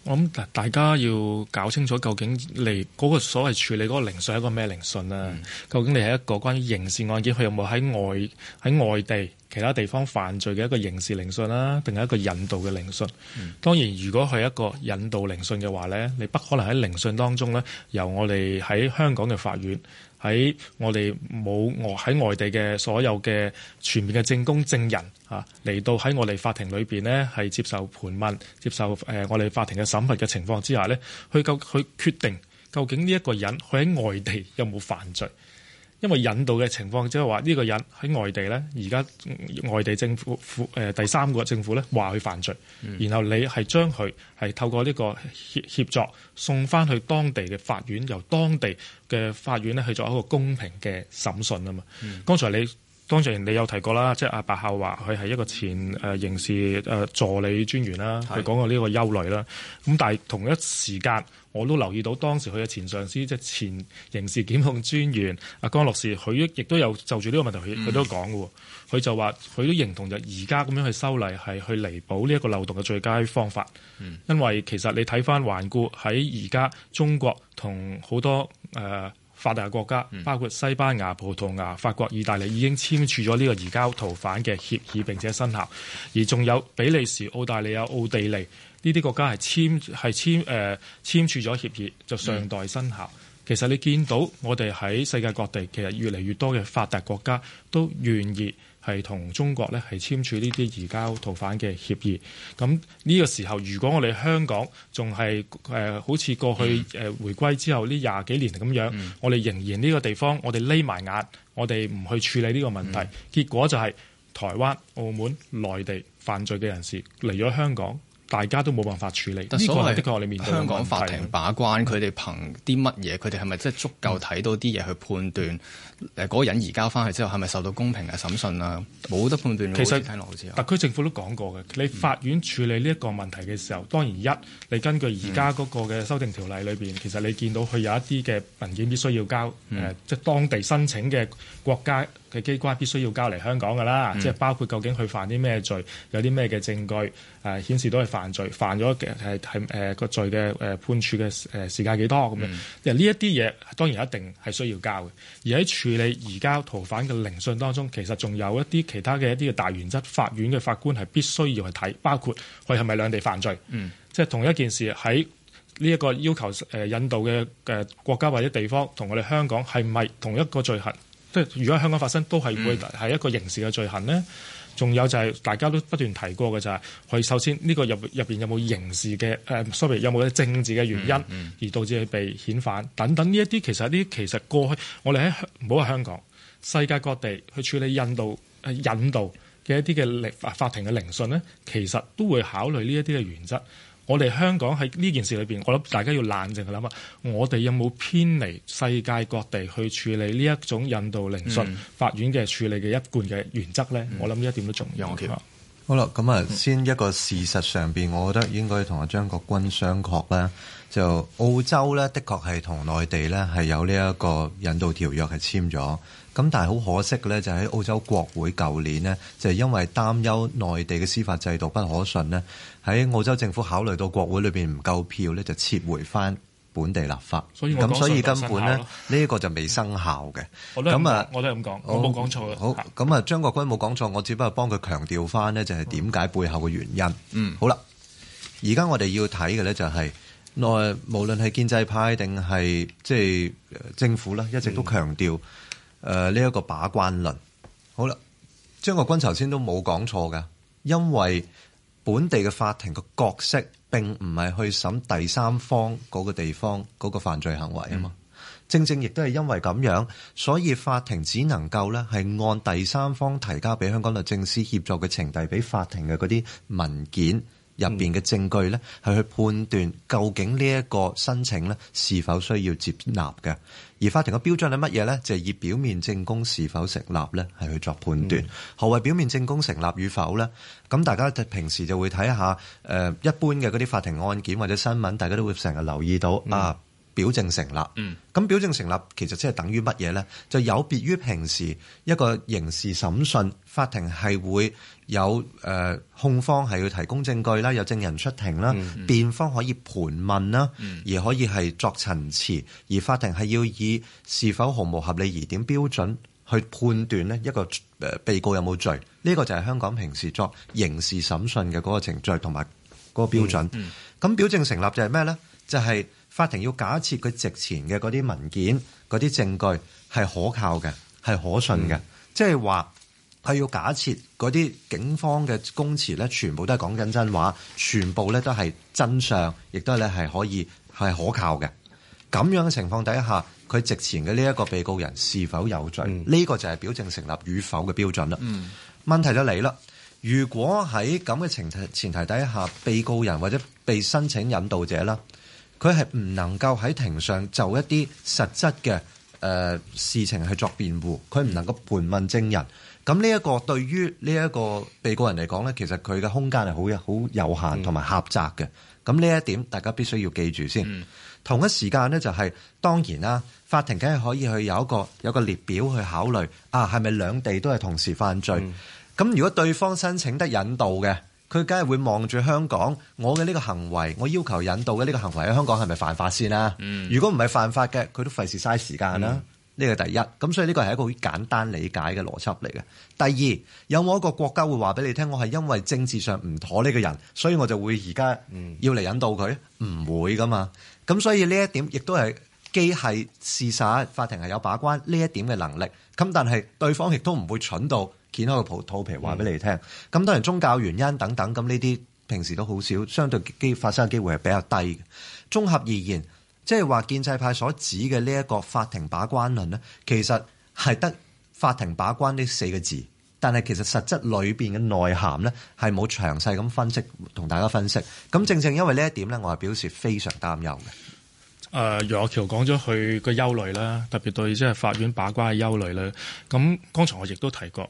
我諗大家要搞清楚究竟你嗰個所謂處理嗰個聆訊係一個咩聆訊啊？嗯、究竟你係一個關於刑事案件，佢有冇喺外喺外地其他地方犯罪嘅一個刑事聆訊啦，定係一個引渡嘅聆訊？嗯、當然，如果係一個引渡聆訊嘅話咧，你不可能喺聆訊當中咧由我哋喺香港嘅法院。喺我哋冇外喺外地嘅所有嘅全面嘅證供、證人啊，嚟到喺我哋法庭裏邊呢，係接受盤問、接受誒我哋法庭嘅審核嘅情況之下呢，佢夠佢決定究竟呢一個人佢喺外地有冇犯罪。因為引渡嘅情況，即係話呢個人喺外地咧，而家外地政府誒、呃、第三個政府咧話佢犯罪、嗯，然後你係將佢係透過呢個協協作送翻去當地嘅法院，由當地嘅法院咧去做一個公平嘅審訊啊嘛、嗯。剛才你剛才你有提過啦，即係阿白孝華話佢係一個前誒刑事誒助理專員啦，佢、嗯、講過呢個憂慮啦。咁但係同一時間，我都留意到當時佢嘅前上司，即係前刑事檢控專員阿江樂士，佢亦都有就住呢個問題，佢都講嘅喎。佢、嗯、就話佢都認同就而家咁樣去修例，係去彌補呢一個漏洞嘅最佳方法、嗯，因為其實你睇翻環顧喺而家中國同好多誒發達國家、嗯，包括西班牙、葡萄牙、法國、意大利已經簽署咗呢個移交逃犯嘅協議並且生效，而仲有比利時、澳大利亞、奧地利。呢啲國家係簽係簽誒、呃、簽署咗協議，就尚待生效、嗯。其實你見到我哋喺世界各地，其實越嚟越多嘅發達國家都願意係同中國咧係簽署呢啲移交逃犯嘅協議。咁呢個時候，如果我哋香港仲係、呃、好似過去回歸之後呢廿幾年咁樣，嗯、我哋仍然呢個地方我哋匿埋壓我哋唔去處理呢個問題，嗯、結果就係台灣、澳門、內地犯罪嘅人士嚟咗香港。大家都冇辦法處理。呢個係的確你面對香港法庭把關，佢哋憑啲乜嘢？佢哋係咪即係足夠睇到啲嘢去判斷？嗰、嗯、個、呃、人移交翻去之後係咪受到公平嘅審訊啊？冇得判斷。其實聽落好似特區政府都講過嘅，你法院處理呢一個問題嘅時候，嗯、當然一，你根據而家嗰個嘅修訂條例裏面，嗯、其實你見到佢有一啲嘅文件必須要交誒、嗯呃，即係當地申請嘅國家。嘅機關必須要交嚟香港噶啦，嗯、即係包括究竟佢犯啲咩罪，有啲咩嘅證據、呃、顯示到係犯罪，犯咗個、呃呃、罪嘅誒、呃、判處嘅誒、呃、時間幾多咁樣？即係呢一啲嘢當然一定係需要交嘅。而喺處理移交逃犯嘅聆訊當中，其實仲有一啲其他嘅一啲嘅大原則，法院嘅法官係必須要去睇，包括佢係咪兩地犯罪，嗯、即係同一件事喺呢一個要求誒引渡嘅國家或者地方同我哋香港係唔係同一個罪行？即係如果喺香港發生都係會係一個刑事嘅罪行咧，仲、嗯、有就係、是、大家都不斷提過嘅就係、是，佢首先呢、這個入入邊有冇刑事嘅誒、嗯、sorry 有冇啲政治嘅原因而導致佢被遣返、嗯、等等呢一啲，其實呢啲其實過去我哋喺香，唔好話香港，世界各地去處理印度誒印度嘅一啲嘅法法庭嘅聆訊咧，其實都會考慮呢一啲嘅原則。我哋香港喺呢件事裏邊，我諗大家要冷靜去諗下！我哋有冇偏離世界各地去處理呢一種引渡聆訊、嗯、法院嘅處理嘅一貫嘅原則咧、嗯？我諗呢一點都重要。我、嗯 okay. 好啦，咁啊，先一個事實上邊，我覺得應該同阿張國鈞商榷啦。就澳洲咧，的確係同內地咧係有呢一個引渡條約係簽咗。咁但係好可惜咧，就喺澳洲國會舊年呢，就係、因為擔憂內地嘅司法制度不可信呢，喺澳洲政府考慮到國會裏面唔夠票咧，就撤回翻本地立法。咁所、所以根本呢，呢個、這個就未生效嘅。咁啊，我都係咁講，我冇講錯。好，咁啊，張國鈞冇講錯，我只不過幫佢強調翻呢，就係點解背後嘅原因。嗯，好啦，而家我哋要睇嘅呢，就係內無論係建制派定係即係政府啦，一直都強調。嗯誒、呃，呢、這、一個把關論好啦，張國鈞頭先都冇講錯噶，因為本地嘅法庭嘅角色並唔係去審第三方嗰個地方嗰個犯罪行為啊嘛、嗯，正正亦都係因為咁樣，所以法庭只能夠咧係按第三方提交俾香港律政司協助嘅程序俾法庭嘅嗰啲文件。入面嘅證據呢，係去判斷究竟呢一個申請呢是否需要接納嘅。而法庭嘅標準係乜嘢呢？就係、是、以表面證供是否成立呢，係去作判斷。何為表面證供成立與否呢？咁大家就平時就會睇下誒一般嘅嗰啲法庭案件或者新聞，大家都會成日留意到啊。嗯表證成立，咁表證成立其實即係等於乜嘢呢？就有別於平時一個刑事審訊，法庭係會有誒、呃、控方係要提供證據啦，有證人出庭啦、嗯嗯，辯方可以盤問啦、嗯，而可以係作陳詞，而法庭係要以是否毫無合理疑點標準去判斷呢一個誒、呃、被告有冇罪。呢、這個就係香港平時作刑事審訊嘅嗰個程序同埋嗰個標準。咁、嗯嗯、表證成立就係咩呢？就係、是法庭要假設佢值前嘅嗰啲文件、嗰啲證據係可靠嘅、係可信嘅，嗯、即係話佢要假設嗰啲警方嘅供詞咧，全部都係講緊真話，全部咧都係真相，亦都咧係可以係可靠嘅。咁樣嘅情況底下，佢值前嘅呢一個被告人是否有罪？呢、嗯、個就係表證成立與否嘅標準啦。嗯、問題就嚟啦，如果喺咁嘅前提前提底下，被告人或者被申請引渡者啦。佢係唔能夠喺庭上就一啲實質嘅誒、呃、事情去作辯護，佢唔能夠盤問證人。咁呢一個對於呢一個被告人嚟講呢，其實佢嘅空間係好一好有限同埋狹窄嘅。咁呢一點大家必須要記住先。嗯、同一時間呢、就是，就係當然啦，法庭梗係可以去有一個有一個列表去考慮啊，係咪兩地都係同時犯罪？咁、嗯、如果對方申請得引渡嘅。佢梗係會望住香港，我嘅呢個行為，我要求引渡嘅呢個行為喺香港係咪犯法先啦、啊嗯？如果唔係犯法嘅，佢都費事嘥時間啦、啊。呢、嗯、個第一，咁所以呢個係一個好簡單理解嘅邏輯嚟嘅。第二，有冇一個國家會話俾你聽，我係因為政治上唔妥呢個人，所以我就會而家要嚟引渡佢？唔、嗯、會㗎嘛。咁所以呢一點亦都係。既係事實，法庭係有把關呢一點嘅能力。咁但係對方亦都唔會蠢到剝開個肚皮話俾你聽。咁、嗯、當然宗教原因等等，咁呢啲平時都好少，相對機發生嘅機會係比較低。綜合而言，即係話建制派所指嘅呢一個法庭把關論呢，其實係得法庭把關呢四個字。但係其實實質裏面嘅內涵呢，係冇詳細咁分析同大家分析。咁正正因為呢一點呢，我係表示非常擔憂嘅。誒、呃、楊岳橋講咗佢個憂慮啦，特別對即法院把關嘅憂慮咧。咁剛才我亦都提過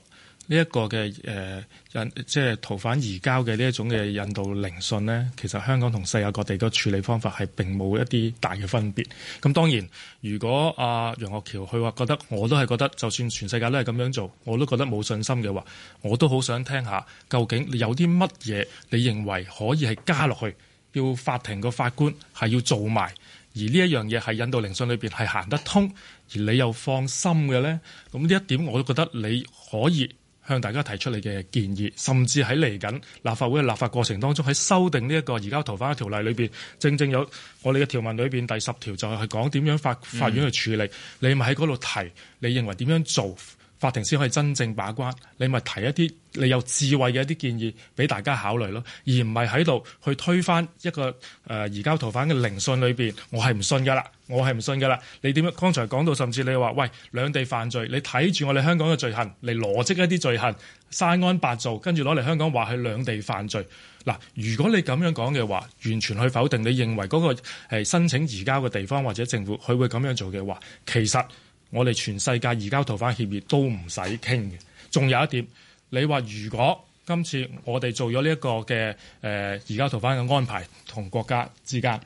呢一、這個嘅誒，即、呃、係、就是、逃犯移交嘅呢一種嘅引渡聆訊呢，其實香港同世界各地嘅處理方法係並冇一啲大嘅分別。咁當然，如果阿楊、呃、岳橋佢話覺得我都係覺得，就算全世界都係咁樣做，我都覺得冇信心嘅話，我都好想聽一下究竟有啲乜嘢你認為可以係加落去，要法庭個法官係要做埋。而呢一樣嘢係引導聆訊裏面係行得通，而你又放心嘅咧，咁呢一點我都覺得你可以向大家提出你嘅建議，甚至喺嚟緊立法會嘅立法過程當中，喺修訂呢一個移交逃犯條例裏面，正正有我哋嘅條文裏面第十條就係講點樣法法院去處理，嗯、你咪喺嗰度提，你認為點樣做？法庭先可以真正把關，你咪提一啲你有智慧嘅一啲建議俾大家考慮咯，而唔係喺度去推翻一個誒、呃、移交逃犯嘅聆訊裏邊，我係唔信噶啦，我係唔信噶啦。你點樣剛才講到，甚至你話喂兩地犯罪，你睇住我哋香港嘅罪行嚟邏輯一啲罪行，三安八做，跟住攞嚟香港話去兩地犯罪。嗱，如果你咁樣講嘅話，完全去否定你認為嗰個係申請移交嘅地方或者政府，佢會咁樣做嘅話，其實。我哋全世界移交逃犯協議都唔使傾嘅。仲有一點，你話如果今次我哋做咗呢一個嘅誒、呃、移交逃犯嘅安排同國家之間，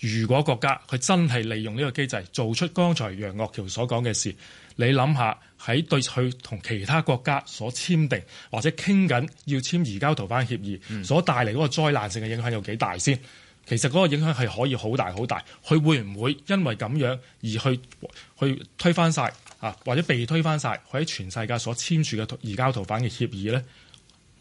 如果國家佢真係利用呢個機制做出剛才楊岳橋所講嘅事，你諗下喺對佢同其他國家所簽訂或者傾緊要簽移交逃犯協議所帶嚟嗰個災難性嘅影響有幾大先？其實嗰個影響係可以好大好大，佢會唔會因為咁樣而去去推翻晒，啊，或者被推翻晒，佢喺全世界所簽署嘅移交逃犯嘅協議呢？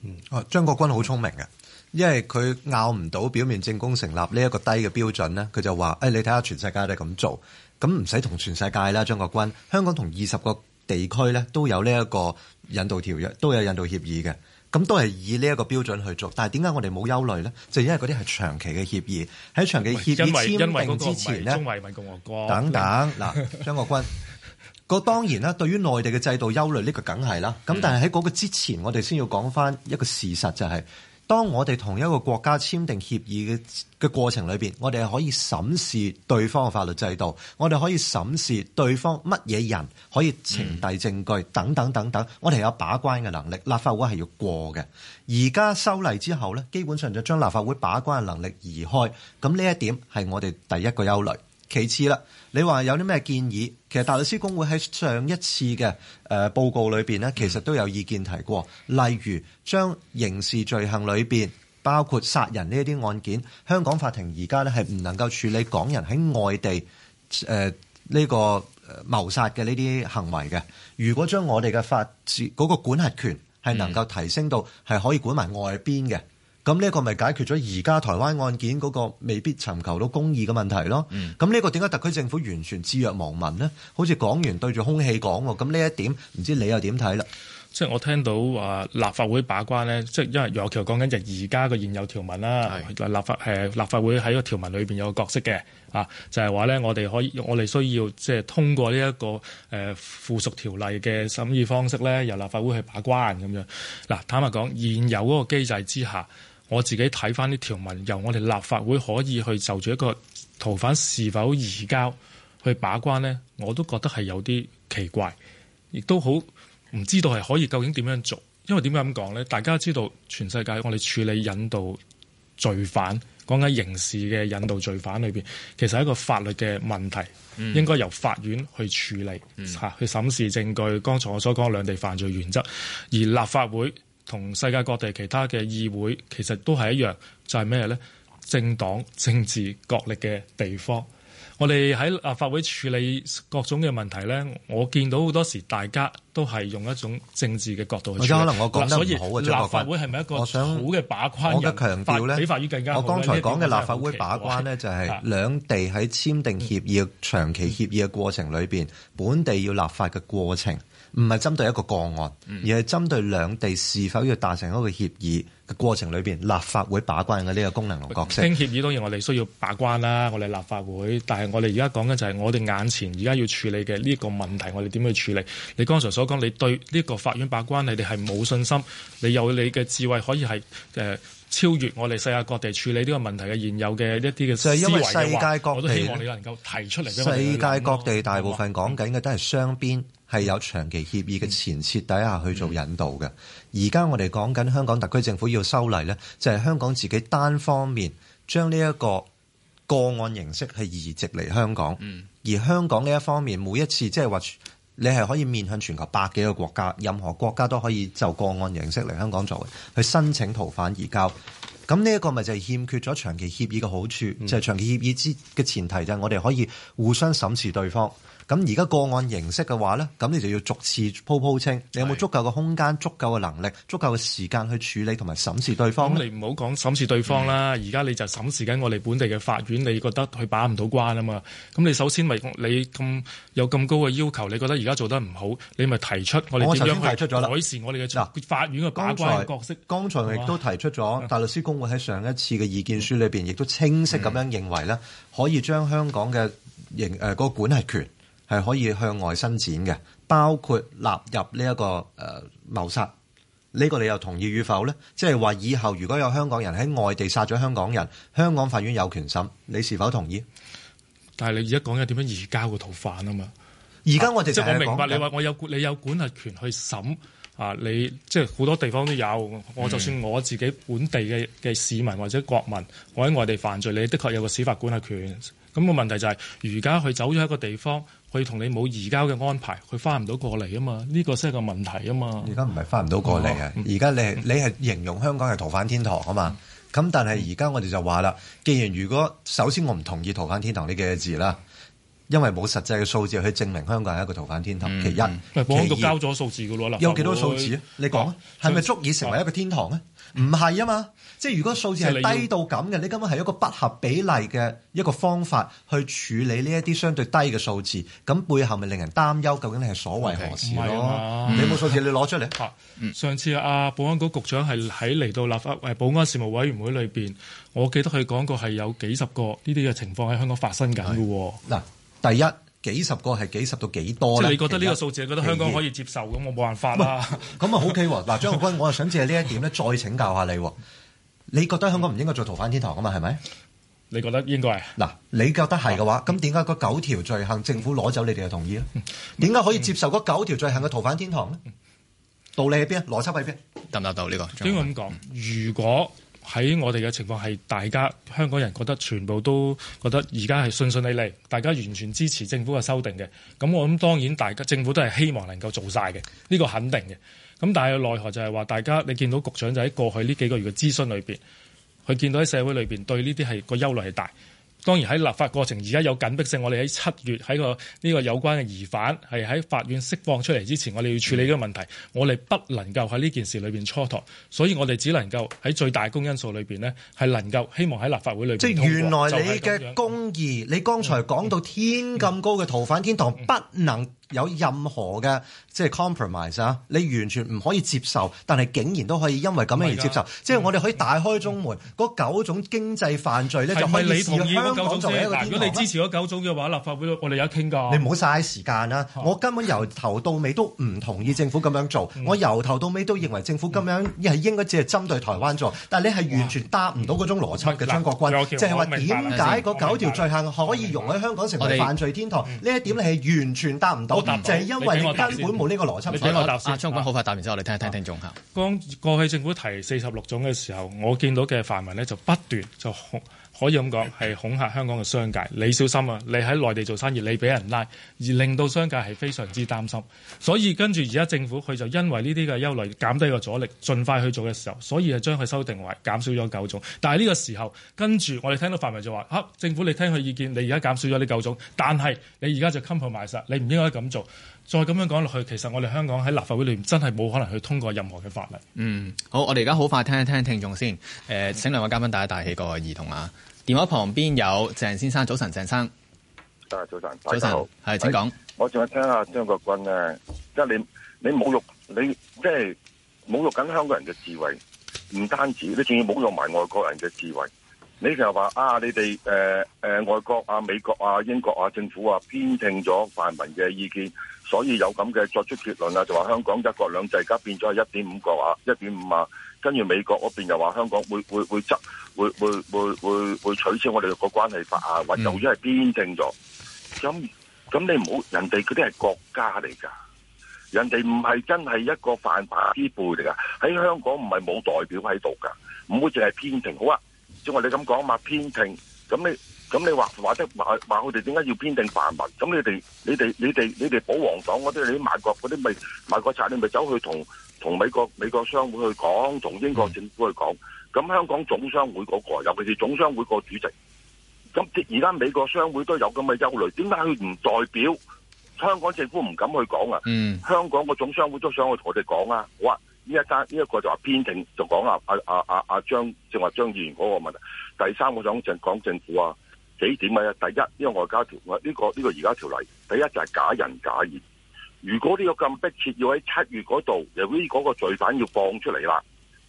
嗯、啊，張國鈞好聰明嘅，因為佢拗唔到表面證供成立呢一個低嘅標準呢，佢就話，誒、哎，你睇下全世界都係咁做，咁唔使同全世界啦。張國鈞，香港同二十個地區咧都有呢一個引渡條約，都有引渡協議嘅。咁都係以呢一個標準去做，但係點解我哋冇憂慮咧？就因為嗰啲係長期嘅協議，喺長期協議簽訂之前咧，等等嗱， 張國鈞，嗰當然啦，對於內地嘅制度憂慮呢個梗係啦，咁但係喺嗰個之前，我哋先要講返一個事實就係、是。當我哋同一個國家簽訂協議嘅嘅過程裏邊，我哋係可以審視對方嘅法律制度，我哋可以審視對方乜嘢人可以呈遞證據等等等等，我哋有把關嘅能力。立法會係要過嘅，而家修例之後呢，基本上就將立法會把關嘅能力移開，咁呢一點係我哋第一個憂慮。其次啦，你話有啲咩建議？其實大律師公會喺上一次嘅誒報告裏邊咧，其實都有意見提過，例如將刑事罪行裏邊包括殺人呢啲案件，香港法庭而家咧係唔能夠處理港人喺外地誒呢、呃呢個謀殺嘅呢啲行為嘅。如果將我哋嘅法治嗰、嗰個管轄權係能夠提升到係可以管埋外邊嘅。咁呢個咪解決咗而家台灣案件嗰個未必尋求到公義嘅問題咯？咁、嗯、呢個點解特區政府完全置若罔聞呢？好似講完對住空氣講喎。咁呢一點唔知你又點睇啦？即係我聽到話立法會把關呢，即係因為楊橋講緊就而家嘅現有條文啦，立法立法會喺個條文裏面有個角色嘅啊，就係話呢，我哋可以我哋需要即係通過呢一個附屬條例嘅審議方式咧，由立法會去把關咁樣。嗱，坦白講，現有嗰個機制之下，我自己睇翻啲條文，由我哋立法會可以去就住一個逃犯是否移交去把關呢，我都覺得係有啲奇怪，亦都好唔知道係可以究竟點樣做，因為點解咁講呢？大家都知道全世界我哋處理引渡罪犯，講緊刑事嘅引渡罪犯裏面，其實係一個法律嘅問題，應該由法院去處理、嗯、去審視證據。剛才我所講兩地犯罪原則，而立法會，同世界各地其他嘅議會其實都係一樣，就係咩咧？政黨政治角力嘅地方。我哋喺立法會處理各種嘅問題咧，我見到好多時大家都係用一種政治嘅角度去處理。而家可能我覺得立法會係咪一個，我想好嘅把關人比法院更加好。我剛才講嘅立法會把關咧，就係兩地喺簽訂協議、長期協議嘅過程裏邊、嗯，本地要立法嘅過程。唔係針對一個個案，而係針對兩地是否要達成一個協議嘅過程裏邊，立法會把關嘅呢個功能同角色。簽協議當然我哋需要把關啦，我哋立法會。但係我哋而家講緊就係我哋眼前而家要處理嘅呢個問題，我哋點去處理？你剛才所講，你對呢個法院把關，你哋係冇信心？你有你嘅智慧可以係誒超越我哋世界各地處理呢個問題嘅現有嘅一啲嘅就係、是、因為世界各地，我都希望你能夠提出嚟。世界各地大部分講緊嘅都係雙邊。係有長期協議嘅前設底下去做引渡嘅。而家我哋講緊香港特區政府要修例呢，就係香港自己單方面將呢一個個案形式係移植嚟香港。而香港呢一方面，每一次即係話你係可以面向全球百幾個國家，任何國家都可以就個案形式嚟香港做，去申請逃犯移交。咁呢一個咪就係欠缺咗長期協議嘅好處，就係長期協議之嘅前提就係我哋可以互相審視對方。咁而家個案形式嘅話咧，咁你就要逐次鋪鋪清，你有冇足夠嘅空間，足夠嘅能力、足夠嘅時間去處理同埋審視對方，咁你唔好講審視對方啦，而、嗯、家你就審視緊我哋本地嘅法院，你覺得佢把唔到關啊嘛？咁你首先咪你咁有咁高嘅要求，你覺得而家做得唔好，你咪提出我哋點樣去我提出改善我哋嘅嗱法院嘅把關角色？剛才亦都提出咗大律師公會喺上一次嘅意見書裏邊亦、嗯、都清晰咁樣認為咧，可以將香港嘅誒、呃嗰個管轄權。係可以向外伸展嘅，包括納入呢一個誒謀殺呢個，你又同意與否呢？即係話以後如果有香港人喺外地殺咗香港人，香港法院有權審，你是否同意？但係你而家講嘅點樣移交個逃犯啊嘛？而家我哋即係我明白你話我有你有管轄權去審。啊！你即係好多地方都有，我就算我自己本地嘅嘅市民或者國民，嗯、我喺外地犯罪，你的確有個司法管轄權。咁個問題就係、是，而家佢走咗一個地方，佢同你冇移交嘅安排，佢翻唔到過嚟啊嘛？呢、這個先係個問題啊嘛。而家唔係翻唔到過嚟啊，而、哦、家你係你係形容香港係逃犯天堂啊嘛？咁、嗯嗯、但係而家我哋就話啦，既然如果首先我唔同意逃犯天堂呢幾個字啦。因為冇實際嘅數字去證明香港係一個逃犯天堂、嗯。其一，保安局交咗數字嘅咯，立法有幾多數字你啊？你講啊，係咪足以成為一個天堂呢？唔係啊嘛，即係如果數字係低到咁嘅、就是，你根本係一個不合比例嘅一個方法去處理呢一啲相對低嘅數字。咁背後咪令人擔憂，究竟係所為何事咯、okay, 啊？你冇數字，你攞出嚟、啊啊。上次啊，保安局局長係喺嚟到立法誒保安事務委員會裏面，我記得佢講過係有幾十個呢啲嘅情況喺香港發生緊㗎喎。嗱。啊第一，幾十個係幾十到幾多咧？即係你覺得呢個數字，覺得香港可以接受咁，我冇辦法啦。咁啊 OK 喎，嗱，張國鈞，我又想借呢一點咧，再請教下你喎。你覺得香港唔應該做逃犯天堂啊嘛？係咪？你覺得應該係？嗱，你覺得係嘅話，咁點解嗰九條罪行政府攞走，你哋嘅同意咧？點解可以接受嗰九條罪行嘅逃犯天堂咧？道理喺邊啊？邏輯喺邊？答唔答到呢個？張國鈞點講？如果喺我哋嘅情況係，大家香港人覺得全部都覺得而家係順順利利，大家完全支持政府嘅修訂嘅。咁我諗當然大家，政府都係希望能夠做晒嘅，呢個肯定嘅。咁但係奈何就係話，大家你見到局長就喺過去呢幾個月嘅諮詢裏邊，佢見到喺社會裏邊對呢啲係個憂慮係大。當然喺立法過程，而家有緊迫性。我哋喺七月喺個呢個有關嘅疑犯係喺法院釋放出嚟之前，我哋要處理呢個問題。我哋不能夠喺呢件事裏邊蹉跎，所以我哋只能夠喺最大公因素裏邊呢，係能夠希望喺立法會裏邊通過。即係原來你嘅公義，你剛才講到天咁高嘅逃犯天堂不能。嗯嗯嗯嗯有任何嘅即係 compromise 啊，你完全唔可以接受，但係竟然都可以因為咁樣而接受，是啊，即係我哋可以大開中門嗰、嗯嗯、九種經濟犯罪咧就可以支持香港作為一個天堂。如果你支持嗰九種嘅話，立法會我哋有得傾㗎。你唔好嘥時間啦，啊，啊、我根本由頭到尾都唔同意政府咁樣做，嗯嗯，我由頭到尾都認為政府咁樣係應該只係針對台灣做，但係你係完全答唔到嗰種邏輯嘅張國鈞，哎哎哎，就係話點解嗰九條罪行可以容許香港成為犯罪天堂？呢一點你係完全答唔到。就係因為根本冇呢個邏輯，你個邏輯我答你我答，張軍好快答完之後，我哋聽一聽聽眾吓。剛、啊啊啊啊、過去政府提四十六種嘅時候，我見到嘅範文咧就不斷就。可以咁講，係恐嚇香港嘅商界，你小心啊！你喺內地做生意，你俾人拉，而令到商界係非常之擔心。所以跟住而家政府佢就因為呢啲嘅憂慮減低個阻力，盡快去做嘅時候，所以係將佢修訂為減少咗九種。但係呢個時候，跟住我哋聽到範圍就話吓、啊，政府你聽佢意見，你而家減少咗呢九種，但係你而家就 c o m p 埋曬，你唔應該咁做。再咁樣講落去，其實我哋香港喺立法會裏面真係冇可能去通過任何嘅法律。嗯，好，我哋而家好快聽一聽聽，聽眾先。誒、呃，請兩位嘉賓帶一帶起個議題啊！電話旁邊有鄭先生，早晨，鄭生。啊，早晨，早晨，係請講。我仲要聽下張國鈞咧，即係你你侮辱你即係侮辱緊香港人嘅智慧，唔單止，你仲要侮辱埋外國人嘅智慧。你就話啊，你哋誒誒外國啊、美國啊、英國啊政府啊偏聽咗泛民嘅意見，所以有咁嘅作出結論啊，就話香港一國兩制而家變咗一點五國啊，一點五啊。跟住美國嗰邊又話香港會會會執會會會會會取消我哋個關係法啊，或者由於係編定咗，咁咁你唔好人哋嗰啲係國家嚟㗎，人哋唔係真係一個犯法之輩嚟㗎，喺香港唔係冇代表喺度㗎，唔會淨係偏聽。好啊，照我哋咁講嘛，偏聽，咁你咁你話話得話話我哋點解要編定犯法？咁你哋你哋你哋你哋保皇黨嗰啲，你啲賣國嗰啲咪賣國賊，你咪走去同。同美國美國商會去講，同英國政府去講，咁、嗯、香港總商會嗰、嗰個，尤其是總商會個主席，咁而家美國商會都有咁嘅憂慮，點解佢唔代表香港政府唔敢去講啊？嗯、香港個總商會都想去同我哋講啊！我話呢一間呢一個就話編定就講啊，阿阿阿阿張正話張議員嗰個問題，第三我想政講政府啊幾點啊？第一呢、呢個外交條呢、呢個呢、呢個而家條例，第一就係假仁假義。如果呢個咁迫切，要喺七月嗰度，由於嗰個罪犯要放出嚟啦，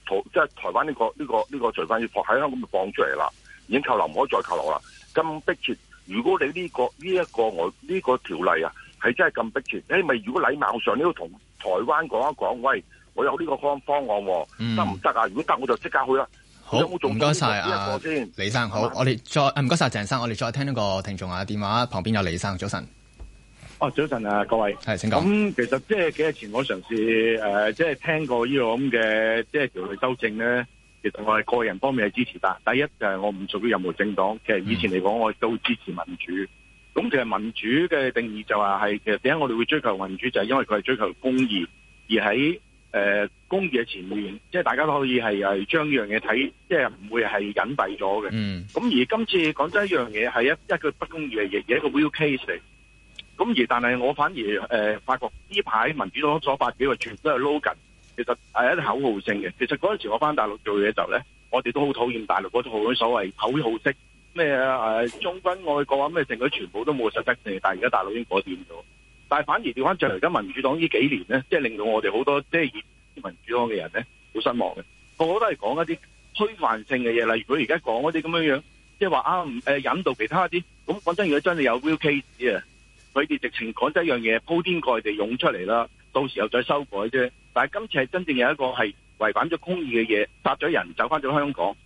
台即係台灣呢個呢、這個呢、這個罪犯要放喺香港，咪放出嚟啦？已經扣留唔可以再扣留啦。咁迫切，如果你呢、這個呢一、這個我呢、這個條例啊，係真係咁迫切，你咪如果禮貌上你要同台灣講一講，喂，我有呢個方方案，得唔得啊？如果得，我就即刻去啦。好，唔該晒啊，李生。好，我哋再唔該晒鄭生。我哋再聽一個聽眾啊，電話旁邊有李生，早晨。啊、哦，早晨啊，各位，係，請講，咁、嗯、其實即係幾日前我嘗試誒，即、呃、係、就是、聽過呢個咁嘅即係條例修正咧。其實我係個人方面係支持啦。第一就係、是、我唔屬於任何政黨，其實以前嚟講我都支持民主。咁其實民主嘅定義就話係其實點解我哋會追求民主就係、是、因為佢係追求公義，而喺誒、呃、公義嘅前面，即、就、係、是、大家都可以係係將呢樣嘢睇，即係唔會係隱蔽咗嘅。咁、嗯、而今次講真一樣嘢係一一個不公義嘅嘢，一個 will case 嚟。咁而但係我反而誒發覺呢排民主黨所發表嘅全部都係 slogan，其實係一啲口號性嘅。其實嗰陣時我翻大陸做嘢時候咧，我哋都好討厭大陸嗰種所謂口號式咩、啊、中軍愛國啊咩，成個全部都冇實質性。但而家大陸已經改變咗，但係反而調翻轉嚟，而家民主黨呢幾年咧，即係令到我哋好多即係以民主黨嘅人咧好失望嘅。個個都係講一啲虛幻性嘅嘢，啦如果而家講一啲咁樣樣，即係話啊誒、啊、引渡其他啲。咁講真，如果真係有 real case 啊？佢哋直情講咗一樣嘢，鋪天蓋地湧出嚟啦，到時候再修改啫。但係今次係真正有一個係違反咗公義嘅嘢，殺咗人，走翻咗香港。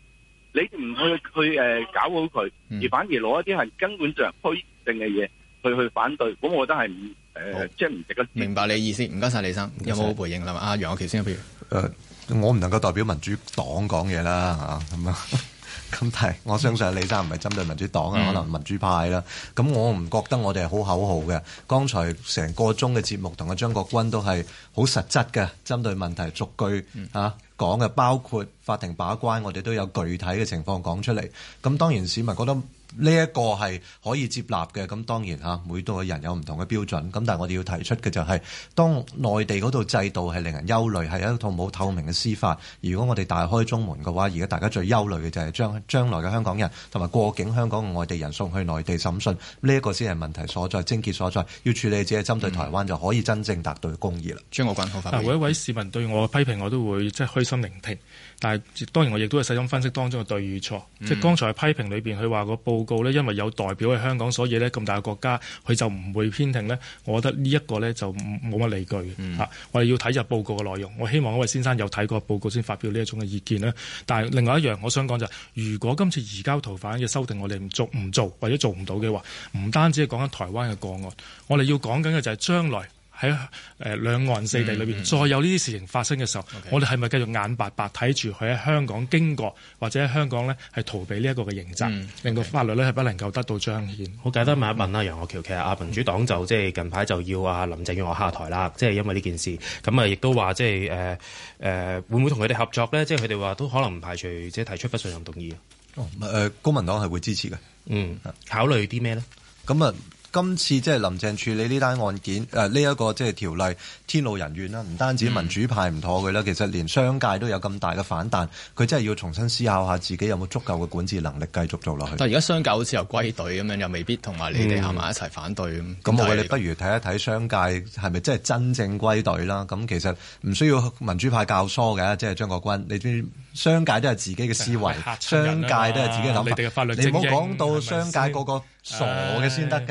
你唔去去誒、呃、搞好佢，而反而攞一啲係根本上虛性嘅嘢去去反對，咁我覺得係唔誒，即係唔值得。明白你意思，唔該晒李生。有冇好回應啦？阿楊岳橋先譬如誒、呃，我唔能夠代表民主黨講嘢啦，吓咁啊。啊 咁係，我相信李生唔係針對民主黨啊、嗯，可能是民主派啦。咁我唔覺得我哋係好口號嘅。剛才成個鐘嘅節目同阿張國鈞都係好實質嘅，針對問題逐句啊講嘅，包括法庭把關，我哋都有具體嘅情況講出嚟。咁當然市民覺得，呢一個係可以接納嘅，咁當然嚇每個人有唔同嘅標準，咁但係我哋要提出嘅就係，是，當內地嗰度制度係令人憂慮，係一套冇透明嘅司法。如果我哋大開中門嘅話，而家大家最憂慮嘅就係將將來嘅香港人同埋過境香港嘅外地人送去內地審訊，呢、這、一個先係問題所在，症結所在。要處理只係針對台灣、嗯、就可以真正達到嘅公義啦。張國鈞好，發嗱，每一位市民對我嘅批評我都會即係虛心聆聽。但係，當然我亦都係細心分析當中嘅對與錯。嗯、即係剛才嘅批評裏邊，佢話個報告呢，因為有代表喺香港，所以呢咁大嘅國家佢就唔會偏聽呢，我覺得呢一個呢，就冇乜理據、嗯啊、我哋要睇下報告嘅內容。我希望嗰位先生有睇過報告先發表呢一種嘅意見。但另外一樣，我想講就係、是，如果今次移交逃犯嘅修訂，我哋唔做唔做，或者做唔到嘅話，唔單止係講緊台灣嘅個案，我哋要講緊嘅就係將來。喺誒兩岸四地裏邊，再有呢啲事情發生嘅時候，嗯嗯嗯、我哋係咪繼續眼白白睇住佢喺香港經過，或者喺香港咧係逃避呢一個嘅刑責，令、嗯、到法律咧係不能夠得到彰顯？我簡單問一問啦、嗯嗯，楊岳橋，其實阿民主黨就即係、嗯、近排就要啊林鄭月娥下台啦，即、就、係、是、因為呢件事，咁啊亦都話即係誒誒會唔會同佢哋合作咧？即係佢哋話都可能唔排除即係提出不信任動議。啊。哦，誒，公民黨係會支持嘅。嗯，考慮啲咩咧？咁啊。今次即係林鄭處理呢單案件，誒呢一個即係條例天怒人怨啦，唔單止民主派唔妥佢啦、嗯，其實連商界都有咁大嘅反彈，佢真係要重新思考下自己有冇足夠嘅管治能力繼續做落去。但係而家商界好似又歸隊咁樣，又未必同埋你哋行埋一齊反對咁。咁、嗯、我覺得不如睇一睇商界係咪真係真正歸隊啦？咁其實唔需要民主派教唆嘅，即係張國鈞，你知商、就係啊，商界都係自己嘅思維，商界都係自己嘅諗法，你唔好講到商界嗰、嗰個，是傻嘅先得噶，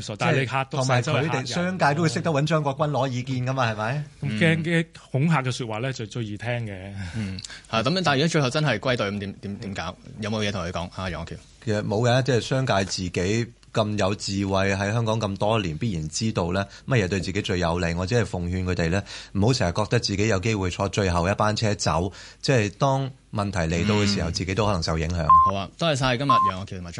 即、哎、係你嚇，同埋佢哋商界都會識得揾張國鈞攞意見噶嘛，係咪？咁驚啲恐嚇嘅説話咧，就最易聽嘅。嗯，嚇咁樣，但係如果最後真係歸隊咁，點點點搞？嗯、有冇嘢同佢講？嚇、啊，楊岳橋，其實冇嘅、啊，即、就、係、是、商界自己咁有智慧喺香港咁多年，必然知道咧乜嘢對自己最有利。我只係奉勸佢哋咧，唔好成日覺得自己有機會坐最後一班車走，即、就、係、是、當問題嚟到嘅時候、嗯，自己都可能受影響。好啊，多謝晒今日楊岳橋同埋張。